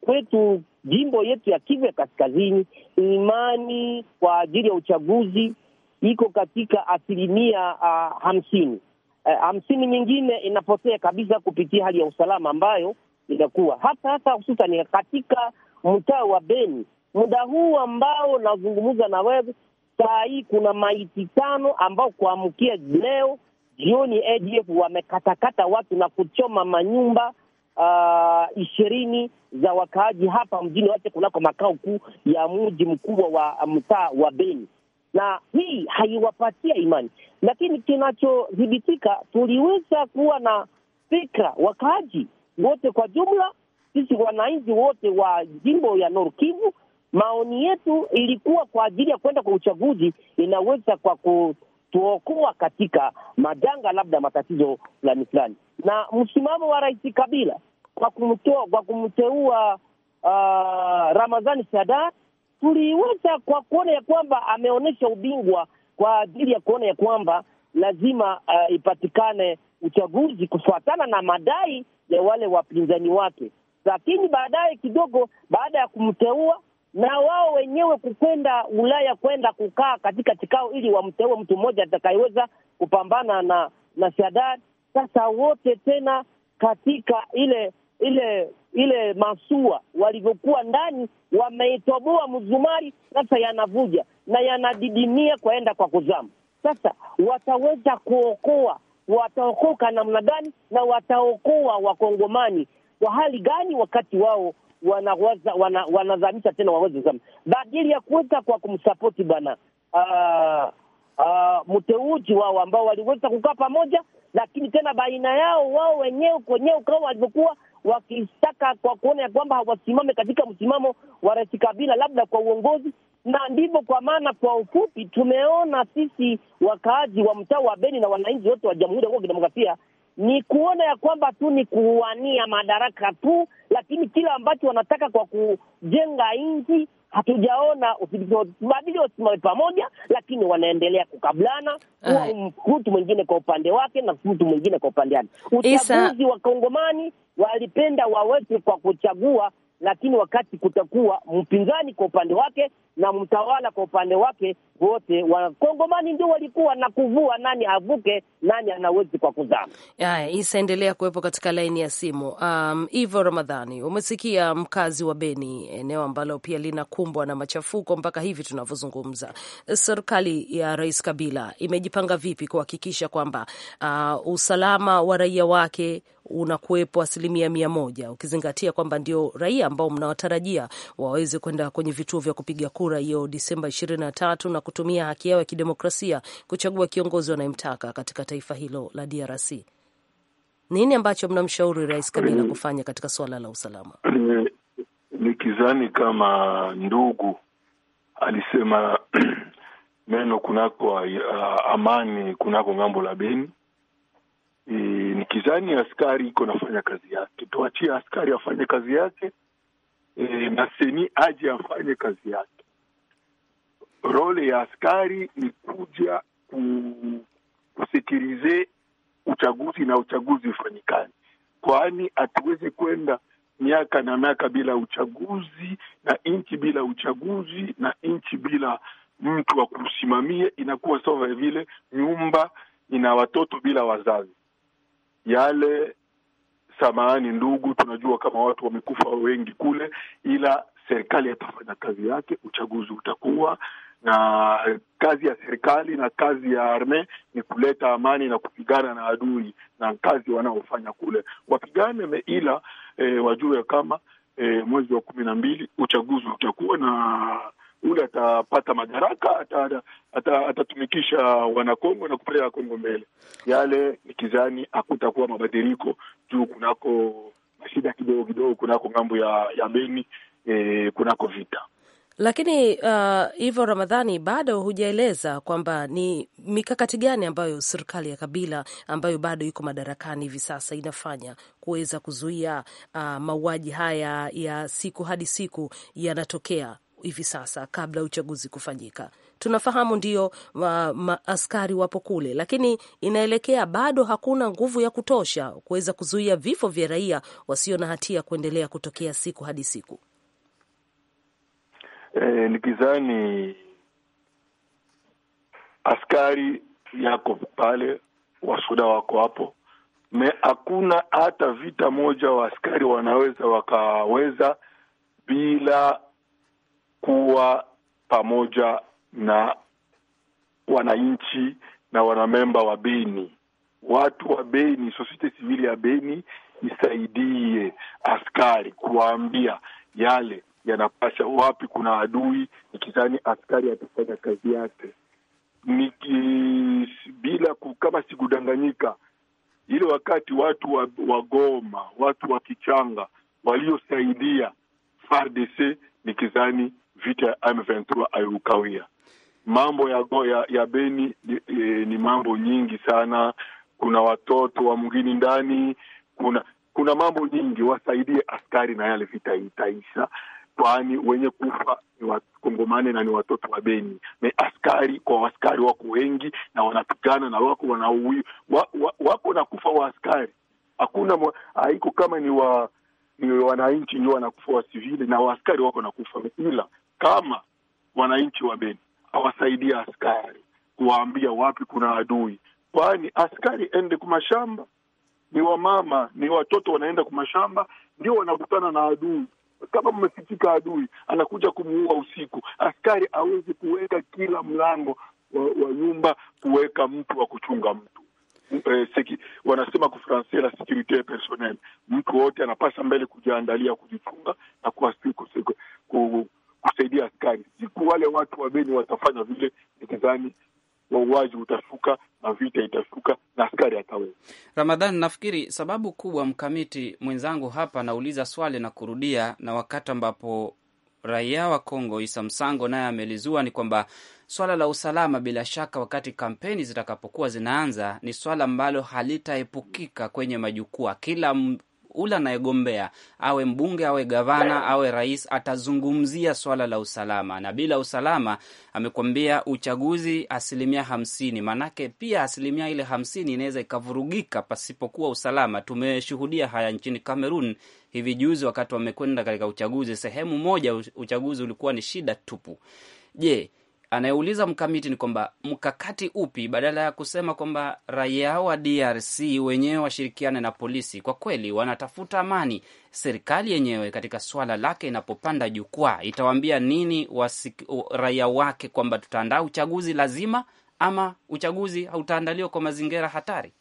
kwetu jimbo yetu ya Kivu ya Kaskazini, imani kwa ajili ya uchaguzi iko katika asilimia uh, hamsini. Uh, hamsini nyingine inapotea kabisa kupitia hali ya usalama ambayo inakuwa hata hata hususani katika mtaa wa Beni muda huu ambao nazungumza na wewe saa hii, kuna maiti tano ambao kuamkia leo jioni ADF wamekatakata watu na kuchoma manyumba uh, ishirini za wakaaji hapa mjini Wache kunako makao kuu ya mji mkubwa wa uh, mtaa wa Beni, na hii haiwapatia imani, lakini kinachodhibitika tuliweza kuwa na fikra wakaaji wote kwa jumla, sisi wananchi wote wa jimbo ya Nord Kivu, maoni yetu ilikuwa kwa ajili ya kwenda kwa uchaguzi, inaweza kwa kutuokoa katika majanga, labda matatizo fulani fulani. Na msimamo wa Rais Kabila kwa kumtoa kwa kumteua uh, Ramadhani Sadar, tuliweza kwa kuona ya kwamba ameonyesha ubingwa kwa ajili ya kuona ya kwamba lazima uh, ipatikane uchaguzi kufuatana na madai ya wale wapinzani wake. Lakini baadaye kidogo, baada ya kumteua na wao wenyewe kukwenda Ulaya kwenda kukaa katika kikao ili wamteue mtu mmoja atakayeweza kupambana na na Sadad. Sasa wote tena katika ile ile ile masua walivyokuwa ndani, wameitoboa mzumari, sasa yanavuja na yanadidimia kwaenda kwa kuzama. Sasa wataweza kuokoa, wataokoka namna gani? Na wataokoa wakongomani kwa hali gani, wakati wao wanawaza wana, wanazamisha tena waweze zama, badili ya kuweza kwa kumsapoti bwana uh, ah, uh, ah, mteuji wao ambao waliweza kukaa pamoja, lakini tena baina yao wao wenyewe kwenyewe kama walivyokuwa wakishtaka kwa kuona ya kwamba hawasimame katika msimamo wa Rais Kabila, labda kwa uongozi na ndivyo. Kwa maana kwa ufupi, tumeona sisi wakaaji wa mtaa wa Beni na wananchi wote wa Jamhuri ya Kidemokrasia ni kuona ya kwamba tu ni kuwania madaraka tu, lakini kile ambacho wanataka kwa kujenga nchi hatujaona badilia wasimame pamoja, lakini wanaendelea kukablana, huwa mtu mwingine kwa upande wake na mtu mwingine kwa upande wake. Uchaguzi wa Kongomani walipenda waweke kwa kuchagua lakini wakati kutakuwa mpinzani kwa upande wake na mtawala kwa upande wake, wote wakongomani ndio walikuwa na kuvua nani avuke nani anawezi kwa kuzama. Haya, isaendelea kuwepo katika laini ya simu. Um, Ivo Ramadhani, umesikia mkazi wa Beni, eneo ambalo pia linakumbwa na machafuko mpaka hivi tunavyozungumza. Serikali ya Rais Kabila imejipanga vipi kuhakikisha kwamba uh, usalama wa raia wake unakuwepo asilimia mia moja ukizingatia kwamba ndio raia ambao mnawatarajia waweze kwenda kwenye vituo vya kupiga kura hiyo Disemba ishirini na tatu na kutumia haki yao ya kidemokrasia kuchagua kiongozi wanayemtaka katika taifa hilo la DRC. Nini ambacho mnamshauri Rais Kabila kufanya katika suala la usalama? Nikizani kama ndugu alisema neno kunako uh, amani kunako ng'ambo la Beni e, nikizani askari iko nafanya kazi yake, tuachie askari afanye kazi yake e, na seni aje afanye kazi yake. Role ya askari ni kuja kusekirize uchaguzi na uchaguzi ufanyikani, kwani hatuwezi kwenda miaka na miaka bila uchaguzi na nchi bila uchaguzi na nchi bila mtu wa kusimamia, inakuwa sawa vile nyumba ina watoto bila wazazi yale samahani ndugu, tunajua kama watu wamekufa wengi kule, ila serikali atafanya kazi yake, uchaguzi utakuwa na kazi ya serikali na kazi ya arme ni kuleta amani na kupigana na adui, na kazi wanaofanya kule wapigane, ila e, wajue kama e, mwezi wa kumi na mbili uchaguzi utakuwa na yule atapata madaraka atatumikisha ata, ata wanakongo na kupeleka Kongo mbele. Yale ni kizani hakutakuwa mabadiliko juu kunako mashida kidogo kidogo kunako ng'ambo ya, ya Beni eh, kunako vita lakini hivyo uh, Ramadhani, bado hujaeleza kwamba ni mikakati gani ambayo serikali ya Kabila ambayo bado iko madarakani hivi sasa inafanya kuweza kuzuia uh, mauaji haya ya siku hadi siku yanatokea hivi sasa kabla uchaguzi kufanyika. Tunafahamu ndio ma, askari wapo kule, lakini inaelekea bado hakuna nguvu ya kutosha kuweza kuzuia vifo vya raia wasio na hatia kuendelea kutokea siku hadi siku. E, nikizani askari yako pale, wasuda wako hapo me, hakuna hata vita moja wa askari wanaweza wakaweza bila kuwa pamoja na wananchi na wanamemba wa Beni, watu wa Beni, sosiete sivili ya Beni isaidie askari kuwaambia yale yanapasha wapi, kuna adui nikizani askari atafanya kazi yake niki bila kama sikudanganyika, ile wakati watu wa, wa Goma watu wa Kichanga waliosaidia FARDC nikizani vita ya M23 haikawia. Mambo ya, ya, ya Beni e, ni mambo nyingi sana. Kuna watoto wa mgini ndani, kuna kuna mambo nyingi. Wasaidie askari na yale vita itaisha, kwani wenye kufa ni wakongomane na ni watoto wa Beni. Me askari kwa askari wako wengi na wanapigana na wako wanaui wa, wa, wako na kufa wa askari hakuna haiko kama ni wa ni wananchi ndio wanakufa wa sivili na waaskari wako nakufa, ila kama wananchi wa Beni awasaidia askari kuwaambia wapi kuna adui, kwani askari ende kumashamba ni wamama ni watoto wanaenda kumashamba, ndio wanakutana na adui. Kama mmesikika adui anakuja kumuua usiku. Askari awezi kuweka kila mlango wa, wa nyumba kuweka mtu wa kuchunga mtu e, wanasema kufransia la sekurite personel, Mtu wote anapasa mbele kujiandalia kujichunga na kuwa siku siku ku, kusaidia askari. Siku wale watu wa Beni watafanya vile, nikidhani wauaji utashuka na vita itashuka na askari ataweza. Ramadhani, nafikiri sababu kubwa mkamiti mwenzangu hapa anauliza swali na kurudia, na wakati ambapo raia wa Kongo Isa Msango naye amelizua ni kwamba swala la usalama, bila shaka, wakati kampeni zitakapokuwa zinaanza, ni swala ambalo halitaepukika kwenye majukwaa. Kila ule anayegombea awe mbunge awe gavana awe rais, atazungumzia swala la usalama, na bila usalama amekwambia uchaguzi asilimia hamsini. Maanake pia asilimia ile hamsini inaweza ikavurugika pasipokuwa usalama. Tumeshuhudia haya nchini Kamerun hivi juzi, wakati wamekwenda katika uchaguzi, sehemu moja uchaguzi ulikuwa ni shida tupu. Je, anayeuliza mkamiti ni kwamba mkakati upi, badala ya kusema kwamba raia wa DRC wenyewe washirikiane na polisi. Kwa kweli wanatafuta amani. Serikali yenyewe katika swala lake inapopanda jukwaa itawaambia nini wasik, raia wake kwamba tutaandaa uchaguzi lazima, ama uchaguzi hautaandaliwa kwa mazingira hatari?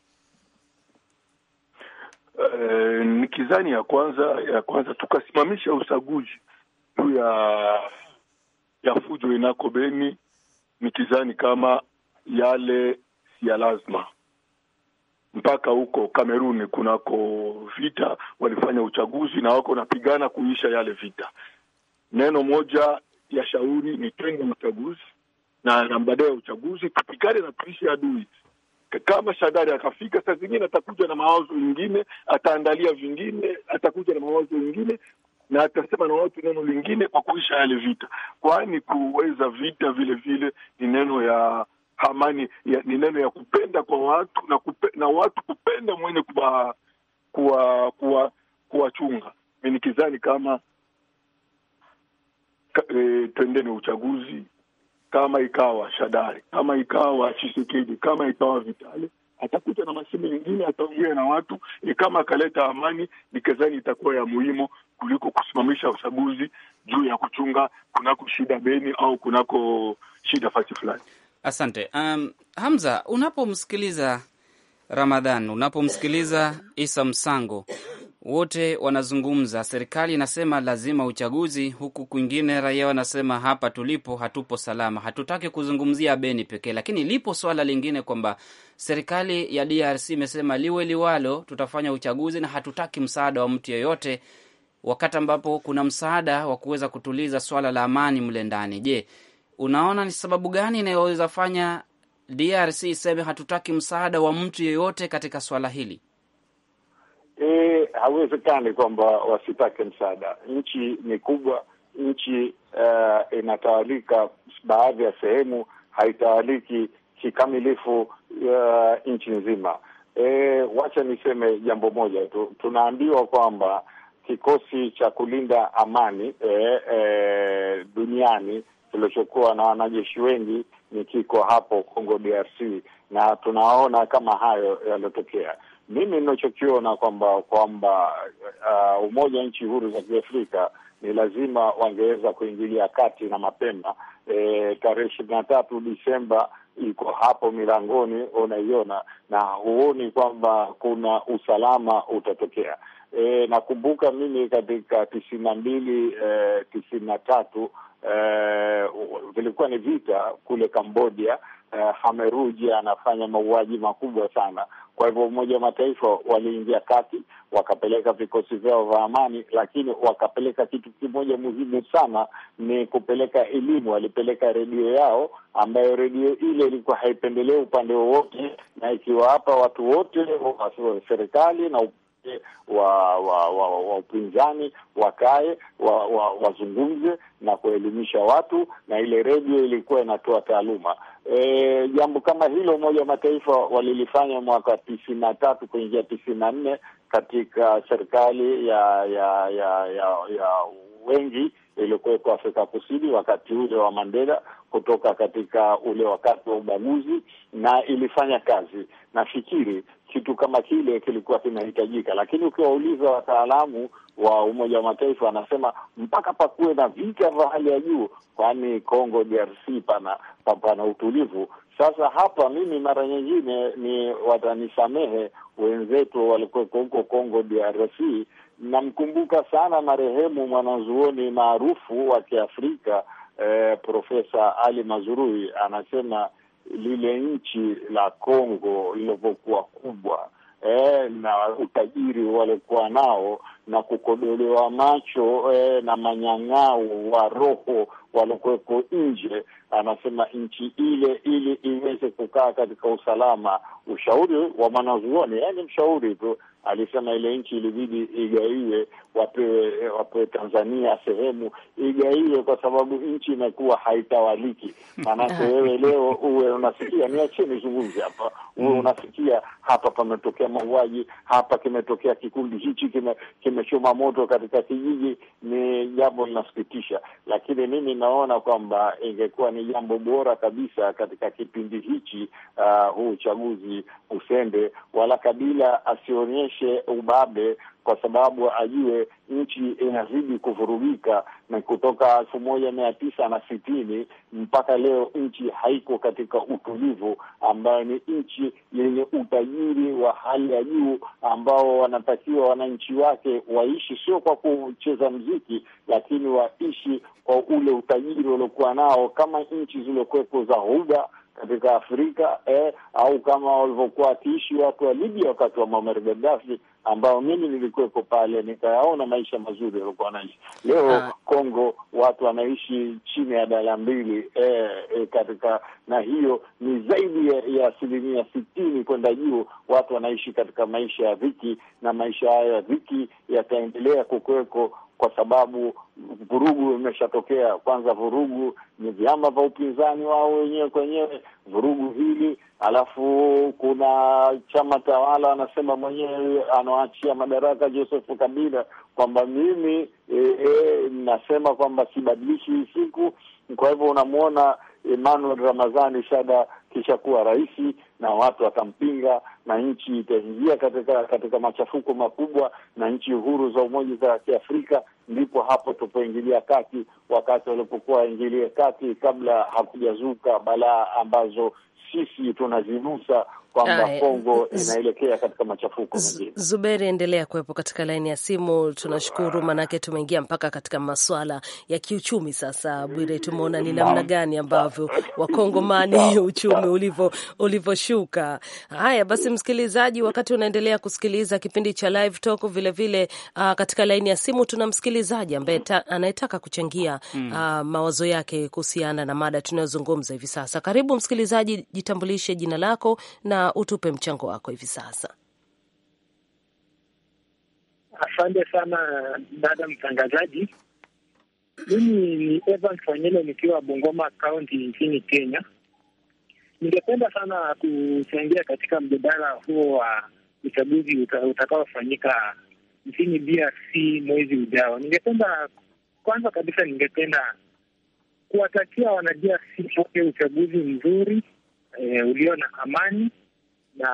Uh, eh, ni kizani ya kwanza ya kwanza tukasimamisha usaguji juu ya ya fujo inako Beni nikizani kama yale ya lazima mpaka huko Kameruni kunako vita walifanya uchaguzi na wako napigana kuisha yale vita. Neno moja ya shauri ni twende uchaguzi na nambada ya uchaguzi tupigane na tuishi adui. Kama Shadari akafika saa zingine atakuja na mawazo mengine, ataandalia vingine, atakuja na mawazo mengine na atasema na watu neno lingine kwa kuisha yale vita, kwani kuweza vita vile vile ni neno ya amani, ni neno ya kupenda kwa watu na, kupe, na watu kupenda mwenye kuwachunga kuwa, kuwa, minikizani kama ka, e, twendeni uchaguzi kama ikawa Shadari, kama ikawa Chisekedi, kama ikawa Vitali, atakuja na mashine nyingine, ataongea na watu ni kama akaleta amani, nikazani itakuwa ya muhimu kuliko kusimamisha uchaguzi juu ya kuchunga kunako shida Beni au kunako shida fasi fulani. Asante um, Hamza, unapomsikiliza Ramadhan, unapomsikiliza Isa Msango wote wanazungumza. Serikali inasema lazima uchaguzi, huku kwingine raia wanasema hapa tulipo hatupo salama. Hatutaki kuzungumzia Beni pekee, lakini lipo swala lingine kwamba serikali ya DRC imesema liwe liwalo, tutafanya uchaguzi na hatutaki msaada wa mtu yeyote, wakati ambapo kuna msaada wa kuweza kutuliza swala la amani mle ndani. Je, unaona ni sababu gani inayoweza fanya DRC iseme hatutaki msaada wa mtu yeyote katika swala hili? e, hawezekani kwamba wasitake msaada. Nchi ni kubwa, nchi uh, inatawalika baadhi ya sehemu, haitawaliki kikamilifu uh, nchi nzima. E, wacha niseme jambo moja tu, tunaambiwa kwamba kikosi cha kulinda amani e, e, duniani kilichokuwa na wanajeshi wengi ni kiko hapo Congo DRC, na tunaona kama hayo yaliyotokea. Mimi ninachokiona kwamba kwamba uh, umoja wa nchi huru za Kiafrika ni lazima wangeweza kuingilia kati na mapema. E, tarehe ishirini na tatu Disemba iko hapo milangoni, unaiona na huoni kwamba kuna usalama utatokea. E, nakumbuka mimi katika tisini na mbili e, tisini na tatu vilikuwa e, ni vita kule Kambodia. E, Hameruji anafanya mauaji makubwa sana kwa hivyo Umoja wa Mataifa waliingia kati, wakapeleka vikosi vyao vya amani, lakini wakapeleka kitu kimoja muhimu sana, ni kupeleka elimu. Walipeleka redio yao ambayo redio ile ilikuwa haipendelei upande wowote, na ikiwapa watu wote wa serikali na wa wa wa wa upinzani wakae wazungumze wa, wa na kuelimisha watu, na ile redio ilikuwa inatoa taaluma. E, jambo e, kama hilo Umoja wa Mataifa walilifanya mwaka tisini na tatu kuingia tisini na nne katika serikali ya ya ya, ya, ya wengi iliyokuwepo Afrika Kusini wakati ule wa Mandela kutoka katika ule wakati wa ubaguzi na ilifanya kazi. Nafikiri kitu kama kile kilikuwa kinahitajika, lakini ukiwauliza wataalamu wa Umoja wa Mataifa wanasema mpaka pakuwe na vita vya hali ya juu, kwani Congo DRC pana pana utulivu. Sasa hapa mimi mara nyingine ni watanisamehe wenzetu walikuweko huko Congo DRC Namkumbuka sana marehemu mwanazuoni maarufu wa Kiafrika eh, Profesa Ali mazurui anasema lile nchi la Kongo lilivyokuwa kubwa eh, na utajiri waliokuwa nao na kukodolewa macho eh, na manyang'au wa roho waliokuweko nje. Anasema nchi ile ili iweze kukaa katika usalama, ushauri wa mwanazuoni, yani mshauri tu, alisema ile nchi ilibidi igaiwe, wapewe wapewe Tanzania sehemu igaiwe, kwa sababu nchi imekuwa haitawaliki. Maanake wewe leo uwe unasikia, niachie nizungumze hapa, uwe mm. unasikia hapa pametokea mauaji, hapa kimetokea kikundi hichi kime, kimechoma moto katika kijiji, ni jambo linasikitisha, lakini mimi naona kwamba ingekuwa ni jambo bora kabisa katika kipindi hichi, uh, huu uh, uchaguzi usende, wala kabila asionye akomeshe ubabe, kwa sababu ajue nchi inazidi kuvurugika, na kutoka elfu moja mia tisa na sitini mpaka leo nchi haiko katika utulivu, ambayo ni nchi yenye utajiri wa hali ya juu ambao wanatakiwa wananchi wake waishi, sio kwa kucheza mziki, lakini waishi kwa ule utajiri waliokuwa nao kama nchi zilizokuwepo za huba katika Afrika eh, au kama walivyokuwa wakiishi watu wa Libya wakati wa Muammar Gaddafi ambao mimi nilikuwepo pale nikayaona maisha mazuri walikuwa wanaishi. Leo ah, Kongo watu wanaishi chini ya dala mbili eh, eh, katika na hiyo ni zaidi ya asilimia sitini kwenda juu, watu wanaishi katika maisha ya dhiki, na maisha hayo ya dhiki yataendelea kukuweko kwa sababu vurugu imeshatokea. Kwanza vurugu ni vyama vya upinzani wao wenyewe kwenyewe vurugu hili, alafu kuna chama tawala anasema mwenyewe anaachia madaraka josefu Kabila kwamba mimi e, e, nasema kwamba sibadilishi hii siku. Kwa hivyo unamwona Emmanuel Ramazani Shada kishakuwa rais na watu watampinga na nchi itaingia katika katika machafuko makubwa, na nchi huru za umoja za Kiafrika ndipo hapo tupoingilia kati, wakati walipokuwa waingilie kati kabla hakujazuka balaa ambazo sisi tunazinusa kwamba Kongo inaelekea katika machafuko mengine. Zuberi, endelea kuwepo katika laini ya simu, tunashukuru, maanake tumeingia mpaka katika maswala ya kiuchumi. Sasa Bwire, tumeona ni namna gani ambavyo wakongomani uchumi ulivyo ulivyoshuka. Haya basi, msikilizaji, wakati unaendelea kusikiliza kipindi cha Live Talk, vilevile ah, katika laini ya simu tunamsikiliza msikilizaji ambaye anayetaka kuchangia mm, uh, mawazo yake kuhusiana na mada tunayozungumza hivi sasa. Karibu msikilizaji, jitambulishe jina lako na utupe mchango wako hivi sasa. Asante sana dada mtangazaji. Mimi ni Evans Wanyele nikiwa Bungoma Kaunti nchini Kenya. Ningependa sana kuchangia katika mjadala huo wa uchaguzi utakaofanyika nchini DRC mwezi ujao. Ningependa kwanza kabisa, ningependa kuwatakia wana DRC wote uchaguzi mzuri e, ulio na amani na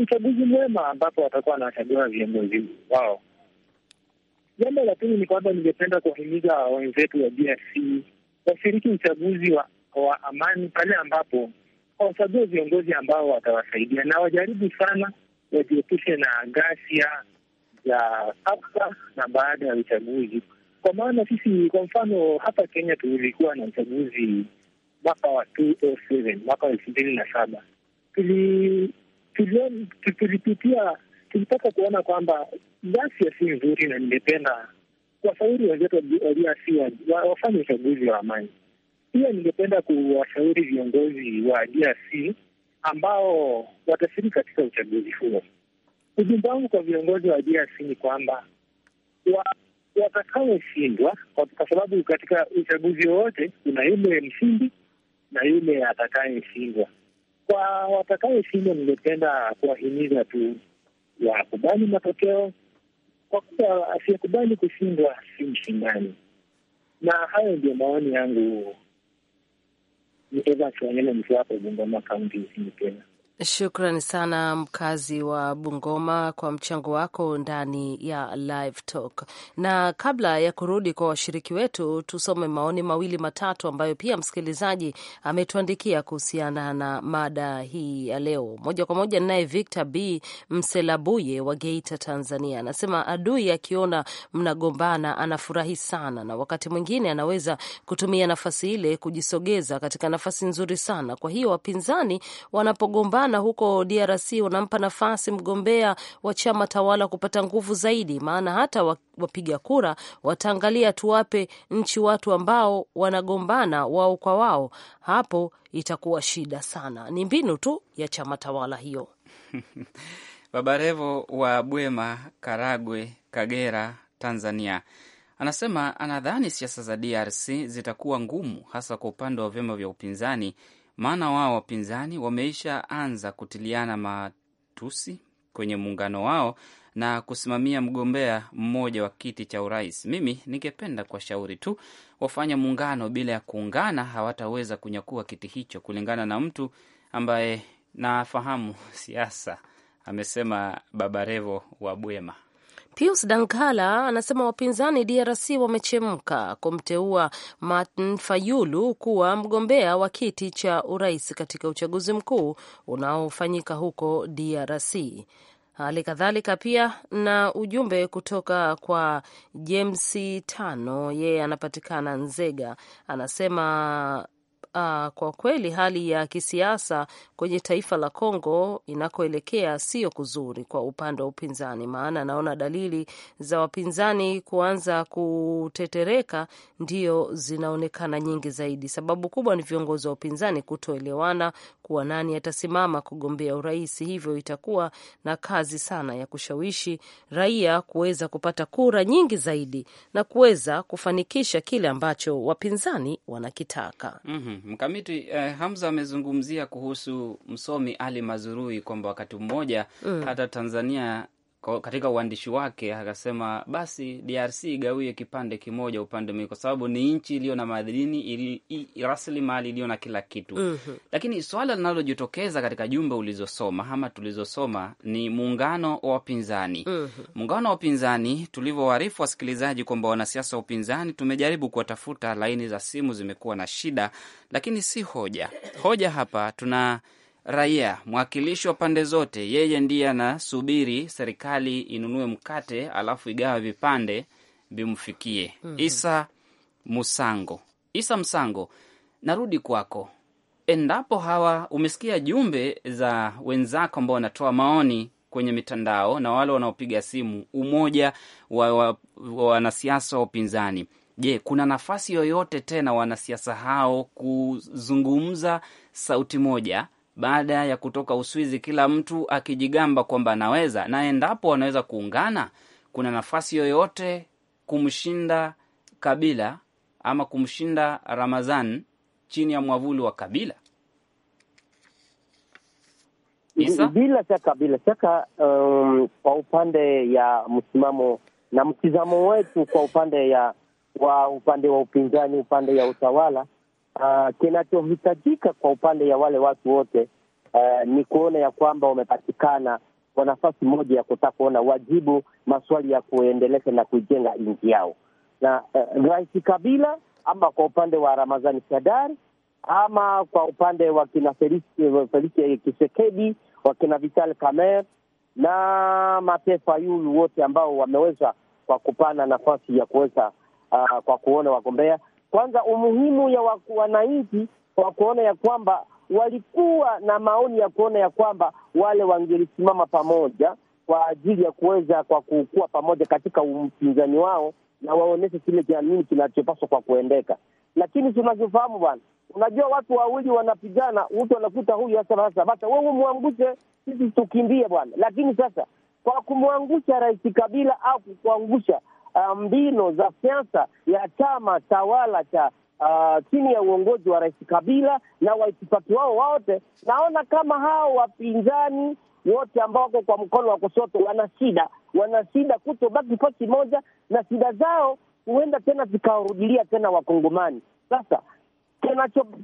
uchaguzi mwema ambapo watakuwa wanachagua viongozi wao. Jambo la pili ni kwamba ningependa kuwahimiza wenzetu wa DRC washiriki uchaguzi wa, wa amani pale ambapo wachague viongozi ambao watawasaidia na wajaribu sana wajiepushe na ghasia ya APGA na baada ya uchaguzi, kwa maana sisi, kwa mfano hapa Kenya tulikuwa na uchaguzi mwaka wa 2007 mwaka wa elfu mbili na saba tulipitia tulipata kuona kwamba ghasia si nzuri, na ningependa kuwashauri wenzetu wa DRC wafanye uchaguzi wa amani. Pia ningependa kuwashauri viongozi wa DRC ambao watashiriki katika uchaguzi huo Ujumbe wangu kwa viongozi wa DRC ni kwamba watakaoshindwa, kwa sababu katika uchaguzi wowote kuna yule mshindi na yule atakayeshindwa. Kwa watakaoshindwa, ningependa kuwahimiza tu wakubali matokeo, kwa kuwa asiyekubali kushindwa si mshindani. Na hayo ndio maoni yangu. Niweza Kiwanyele, mkiwapo Bungoma kaunti nchini Kenya. Shukran sana mkazi wa Bungoma kwa mchango wako ndani ya Live Talk. Na kabla ya kurudi kwa washiriki wetu, tusome maoni mawili matatu ambayo pia msikilizaji ametuandikia kuhusiana na mada hii ya leo. Moja kwa moja naye Victor B Mselabuye wa Geita, Tanzania, anasema adui akiona mnagombana anafurahi sana, na wakati mwingine anaweza kutumia nafasi ile kujisogeza katika nafasi nzuri sana. Kwa hiyo wapinzani wanapogombana sana huko DRC unampa nafasi mgombea wa chama tawala kupata nguvu zaidi, maana hata wapiga kura wataangalia, tuwape nchi watu ambao wanagombana wao kwa wao, hapo itakuwa shida sana. Ni mbinu tu ya chama tawala hiyo. Baba Revo wa Bwema, Karagwe, Kagera, Tanzania anasema anadhani siasa za DRC zitakuwa ngumu hasa kwa upande wa vyama vya upinzani maana wao wapinzani wameisha anza kutiliana matusi kwenye muungano wao na kusimamia mgombea mmoja wa kiti cha urais. Mimi ningependa kuwashauri tu wafanya muungano, bila ya kuungana hawataweza kunyakua kiti hicho, kulingana na mtu ambaye nafahamu siasa, amesema Baba Revo wa Bwema. Pius Dankala anasema wapinzani DRC wamechemka kumteua Martin Fayulu kuwa mgombea wa kiti cha urais katika uchaguzi mkuu unaofanyika huko DRC. Hali kadhalika pia na ujumbe kutoka kwa James Tano, yeye anapatikana Nzega, anasema uh, kwa kweli hali ya kisiasa kwenye taifa la Kongo inakoelekea sio kuzuri kwa upande wa upinzani, maana naona dalili za wapinzani kuanza kutetereka ndio zinaonekana nyingi zaidi. Sababu kubwa ni viongozi wa upinzani kutoelewana, kuwa nani atasimama kugombea urais, hivyo itakuwa na kazi sana ya kushawishi raia kuweza kupata kura nyingi zaidi na kuweza kufanikisha kile ambacho wapinzani wanakitaka. Mm -hmm. Mkamiti eh, Hamza amezungumzia kuhusu msomi Ali Mazurui kwamba wakati mmoja mm, hata Tanzania katika uandishi wake akasema, basi DRC igawie kipande kimoja upande mmoja, kwa sababu ni nchi iliyo na madini, rasilimali iliyo na kila kitu mm -hmm. Lakini swala linalojitokeza katika jumbe ulizosoma ama tulizosoma ni muungano wa wapinzani mm -hmm. Muungano wa wapinzani, tulivyowaarifu wasikilizaji kwamba wanasiasa wa upinzani tumejaribu kuwatafuta, laini za simu zimekuwa na shida, lakini si hoja. Hoja hapa tuna raia, mwakilishi wa pande zote, yeye ndiye anasubiri serikali inunue mkate alafu igawa vipande vimfikie. mm -hmm. Isa Musango, Isa Msango, narudi kwako. Endapo hawa umesikia jumbe za wenzako ambao wanatoa maoni kwenye mitandao na wale wanaopiga simu, umoja wa wanasiasa wa upinzani, je, kuna nafasi yoyote tena wanasiasa hao kuzungumza sauti moja baada ya kutoka Uswizi, kila mtu akijigamba kwamba anaweza, na endapo wanaweza kuungana, kuna nafasi yoyote kumshinda Kabila ama kumshinda Ramazan chini ya mwavuli wa Kabila? Isa? Bila shaka, bila shaka. Um, kwa upande ya msimamo na mtizamo wetu kwa upande ya wa upande wa upinzani, upande ya utawala Uh, kinachohitajika kwa upande ya wale watu wote uh, ni kuona ya kwamba wamepatikana kwa nafasi moja ya kutaka kuona wajibu maswali ya kuendeleza na kuijenga nchi yao, na uh, Rais Kabila ama kwa upande wa Ramazani Shadari ama kwa upande wa kina Felisi kisekedi wa kina Vital kamer na matefa Fayulu wote ambao wameweza kwa kupana nafasi ya kuweza uh, kwa kuona wagombea kwanza umuhimu ya wananchi wa kuona ya kwamba walikuwa na maoni ya kuona ya kwamba wale wangelisimama pamoja kwa ajili ya kuweza kwa kukua pamoja katika upinzani wao na waonyeshe kile nini kinachopaswa kwa kuendeka. Lakini tunavyofahamu bwana, unajua watu wawili wanapigana, mtu anakuta huyu hasa hasa basa, wewe umwanguse sisi tukimbie bwana. Lakini sasa kwa kumwangusha Rais Kabila au kukuangusha Uh, mbino za siasa ya chama tawala cha Uh, chini ya uongozi wa Rais Kabila na waitifaki wao wote, naona kama hao wapinzani wote ambao wako kwa mkono wa kushoto wana shida, wana shida kutobaki pasi moja, na shida zao huenda tena zikawarudilia tena Wakongomani. Sasa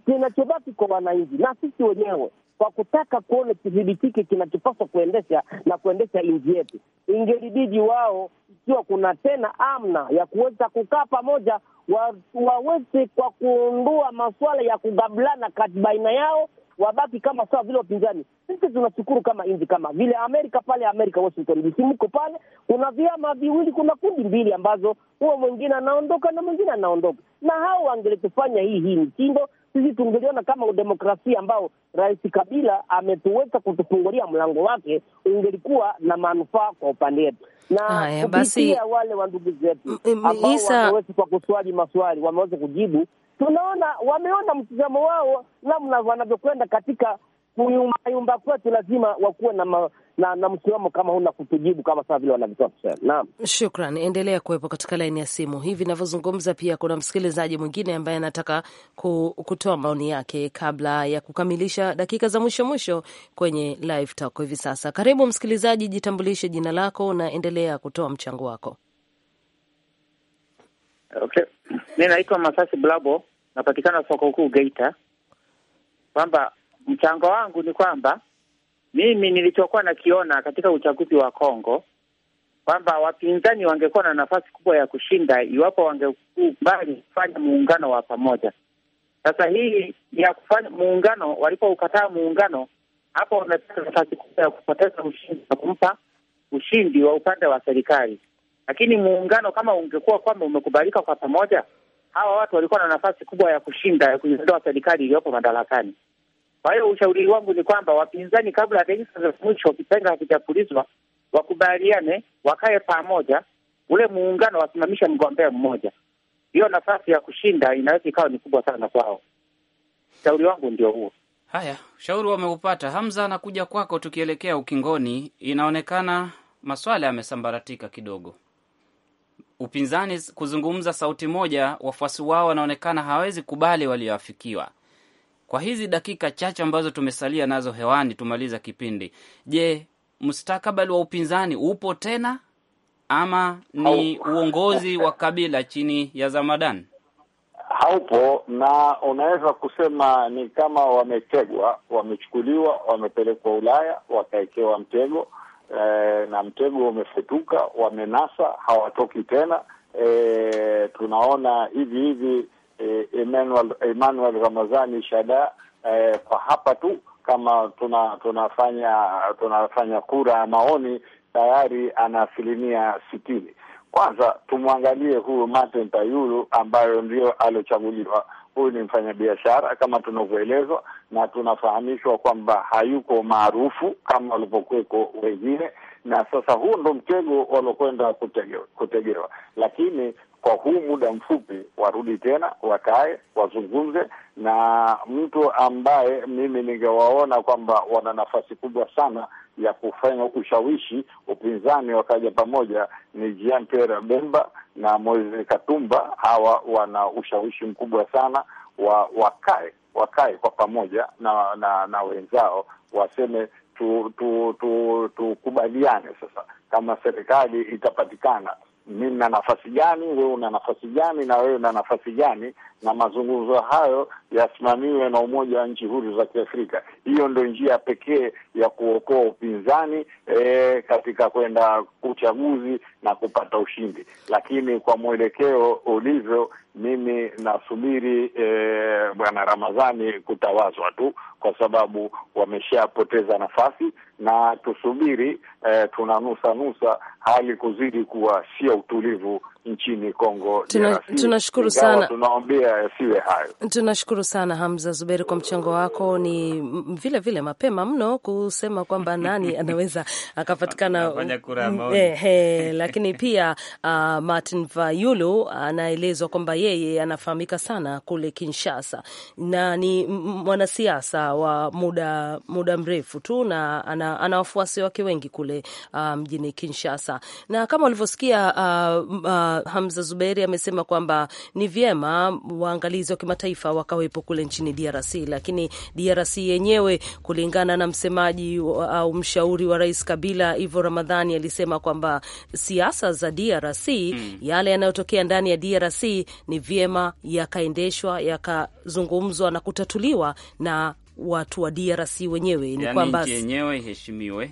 kinachobaki kwa wananchi na sisi wenyewe kwa kutaka kuona kidhibitike kinachopaswa kuendesha na kuendesha nchi yetu. Ingelibidi wao, ikiwa kuna tena amna ya kuweza kukaa pamoja, wa, waweze kwa kuundua masuala ya kugablana kati baina yao, wabaki kama sawa vile wapinzani. Sisi tunashukuru kama nchi, kama vile Amerika pale, Amerika Washington DC, mko pale, kuna vyama viwili, kuna kundi mbili ambazo huo mwingine anaondoka na mwingine anaondoka, na hao wangeletufanya hii hii mitindo sisi tungeliona kama udemokrasia ambao Rais Kabila ametuweka kutufungulia mlango wake ungelikuwa na manufaa kwa upande wetu na kupitia wale wa ndugu zetu ambao wameweza kwa kuswali maswali wameweza kujibu, tunaona wameona mtizamo wao namna wanavyokwenda katika kuyumbayumba kwetu. Lazima wakuwe na ma, na na msimamo kama huna kutujibu kama saa vile wanavitoa kusema. Naam, shukran, endelea kuwepo katika laini ya simu. Hivi navyozungumza, pia kuna msikilizaji mwingine ambaye anataka kutoa maoni yake kabla ya kukamilisha dakika za mwisho mwisho kwenye live talk hivi sasa. Karibu msikilizaji, jitambulishe jina lako na endelea kutoa mchango wako. Okay, mi naitwa Masasi Blabo, napatikana soko kuu Geita, kwamba mchango wangu ni kwamba mimi nilichokuwa nakiona katika uchaguzi wa Kongo kwamba wapinzani wangekuwa na nafasi kubwa ya kushinda iwapo wangekubali kufanya muungano wa pamoja. Sasa hii ya kufanya muungano, walipoukataa muungano, hapo wamepata nafasi kubwa ya kupoteza ushindi na kumpa ushindi wa upande wa serikali. Lakini muungano kama ungekuwa kwamba umekubalika kwa pamoja, hawa watu walikuwa na nafasi kubwa ya kushinda ya kuiondoa serikali iliyopo madarakani. Kwa hiyo ushauri wangu ni kwamba wapinzani, kabla ya dakika za mwisho kitanga hakijapulizwa, wakubaliane, wakae pamoja, ule muungano wasimamisha mgombea mmoja. Hiyo nafasi ya kushinda inaweza ikawa ni kubwa sana kwao. Ushauri wangu ndio huo. Haya, ushauri wameupata. Hamza, anakuja kwako, tukielekea ukingoni, inaonekana maswala yamesambaratika kidogo. Upinzani kuzungumza sauti moja, wafuasi wao wanaonekana hawawezi kubali walioafikiwa. Kwa hizi dakika chache ambazo tumesalia nazo hewani tumaliza kipindi, je, mustakabali wa upinzani upo tena ama ni uongozi wa Kabila chini ya zamadan Haupo, na unaweza kusema ni kama wametegwa, wamechukuliwa, wamepelekwa Ulaya, wakaekewa mtego e, na mtego umefutuka, wamenasa, hawatoki tena. E, tunaona hivi hivi eh, Emmanuel, Emmanuel Ramazani Shada eh, kwa hapa tu kama tuna, tunafanya tunafanya kura ya maoni tayari ana asilimia sitini. Kwanza tumwangalie huyu Martin Tayulu ambayo ndio alochaguliwa. Huyu ni mfanyabiashara kama tunavyoelezwa na tunafahamishwa kwamba hayuko maarufu kama walivyokuweko wengine, na sasa huu ndo mtego waliokwenda kutegewa, kutegewa. Lakini kwa huu muda mfupi warudi tena wakae wazungumze na mtu ambaye mimi ningewaona kwamba wana nafasi kubwa sana ya kufanya ushawishi upinzani wakaja pamoja ni Jean Pierre Bemba na Moise Katumba. Hawa wana ushawishi mkubwa sana wa wakae wakae kwa pamoja na na, na wenzao waseme tukubaliane tu, tu, tu, tu sasa kama serikali itapatikana mi na nafasi gani, wewe una nafasi gani, na wewe una nafasi gani, na mazungumzo hayo yasimamiwe na Umoja wa Nchi Huru za Kiafrika. Hiyo ndio njia pekee ya kuokoa upinzani e, katika kwenda uchaguzi na kupata ushindi. Lakini kwa mwelekeo ulivyo, mimi nasubiri e, bwana Ramadhani kutawazwa tu, kwa sababu wameshapoteza nafasi, na tusubiri e, tunanusa nusa hali kuzidi kuwa sio utulivu nchini Kongo. Tunashukuru sana, tunaombea yasiwe hayo. Tunashukuru sana Hamza Zuberi kwa mchango wako. Ni vile vile mapema mno kusema kwamba nani anaweza akapatikana eh, eh, lakini pia uh, Martin Fayulu anaelezwa kwamba yeye anafahamika sana kule Kinshasa na ni mwanasiasa wa muda muda mrefu tu na ana, ana wafuasi wake wengi kule ah, mjini um, Kinshasa na kama ulivyosikia uh, uh, Hamza Zuberi amesema kwamba ni vyema waangalizi wa kimataifa wakawepo kule nchini DRC, lakini DRC yenyewe, kulingana na msemaji au mshauri wa rais Kabila Ivo Ramadhani alisema kwamba siasa za DRC mm, yale yanayotokea ndani ya DRC ni vyema yakaendeshwa yakazungumzwa na kutatuliwa na watu wa DRC wenyewe, ni yani kwamba yenyewe iheshimiwe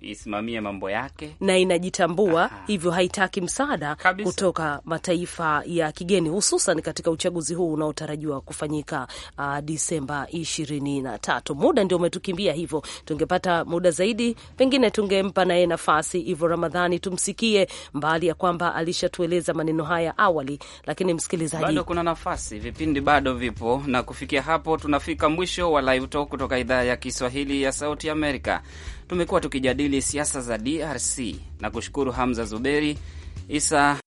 isimamie mambo yake na inajitambua Aha. Hivyo haitaki msaada kabisa kutoka mataifa ya kigeni, hususan katika uchaguzi huu unaotarajiwa kufanyika uh, Disemba ishirini na tatu. Muda ndio umetukimbia, hivyo tungepata muda zaidi, pengine tungempa naye nafasi hivyo Ramadhani tumsikie, mbali ya kwamba alishatueleza maneno haya awali, lakini msikilizaji, bado kuna nafasi, vipindi bado vipo, na kufikia hapo tunafika mwisho wa Live Talk kutoka idhaa ya Kiswahili ya Sauti Amerika tumekuwa tukijadili siasa za DRC na kushukuru Hamza Zuberi, Isa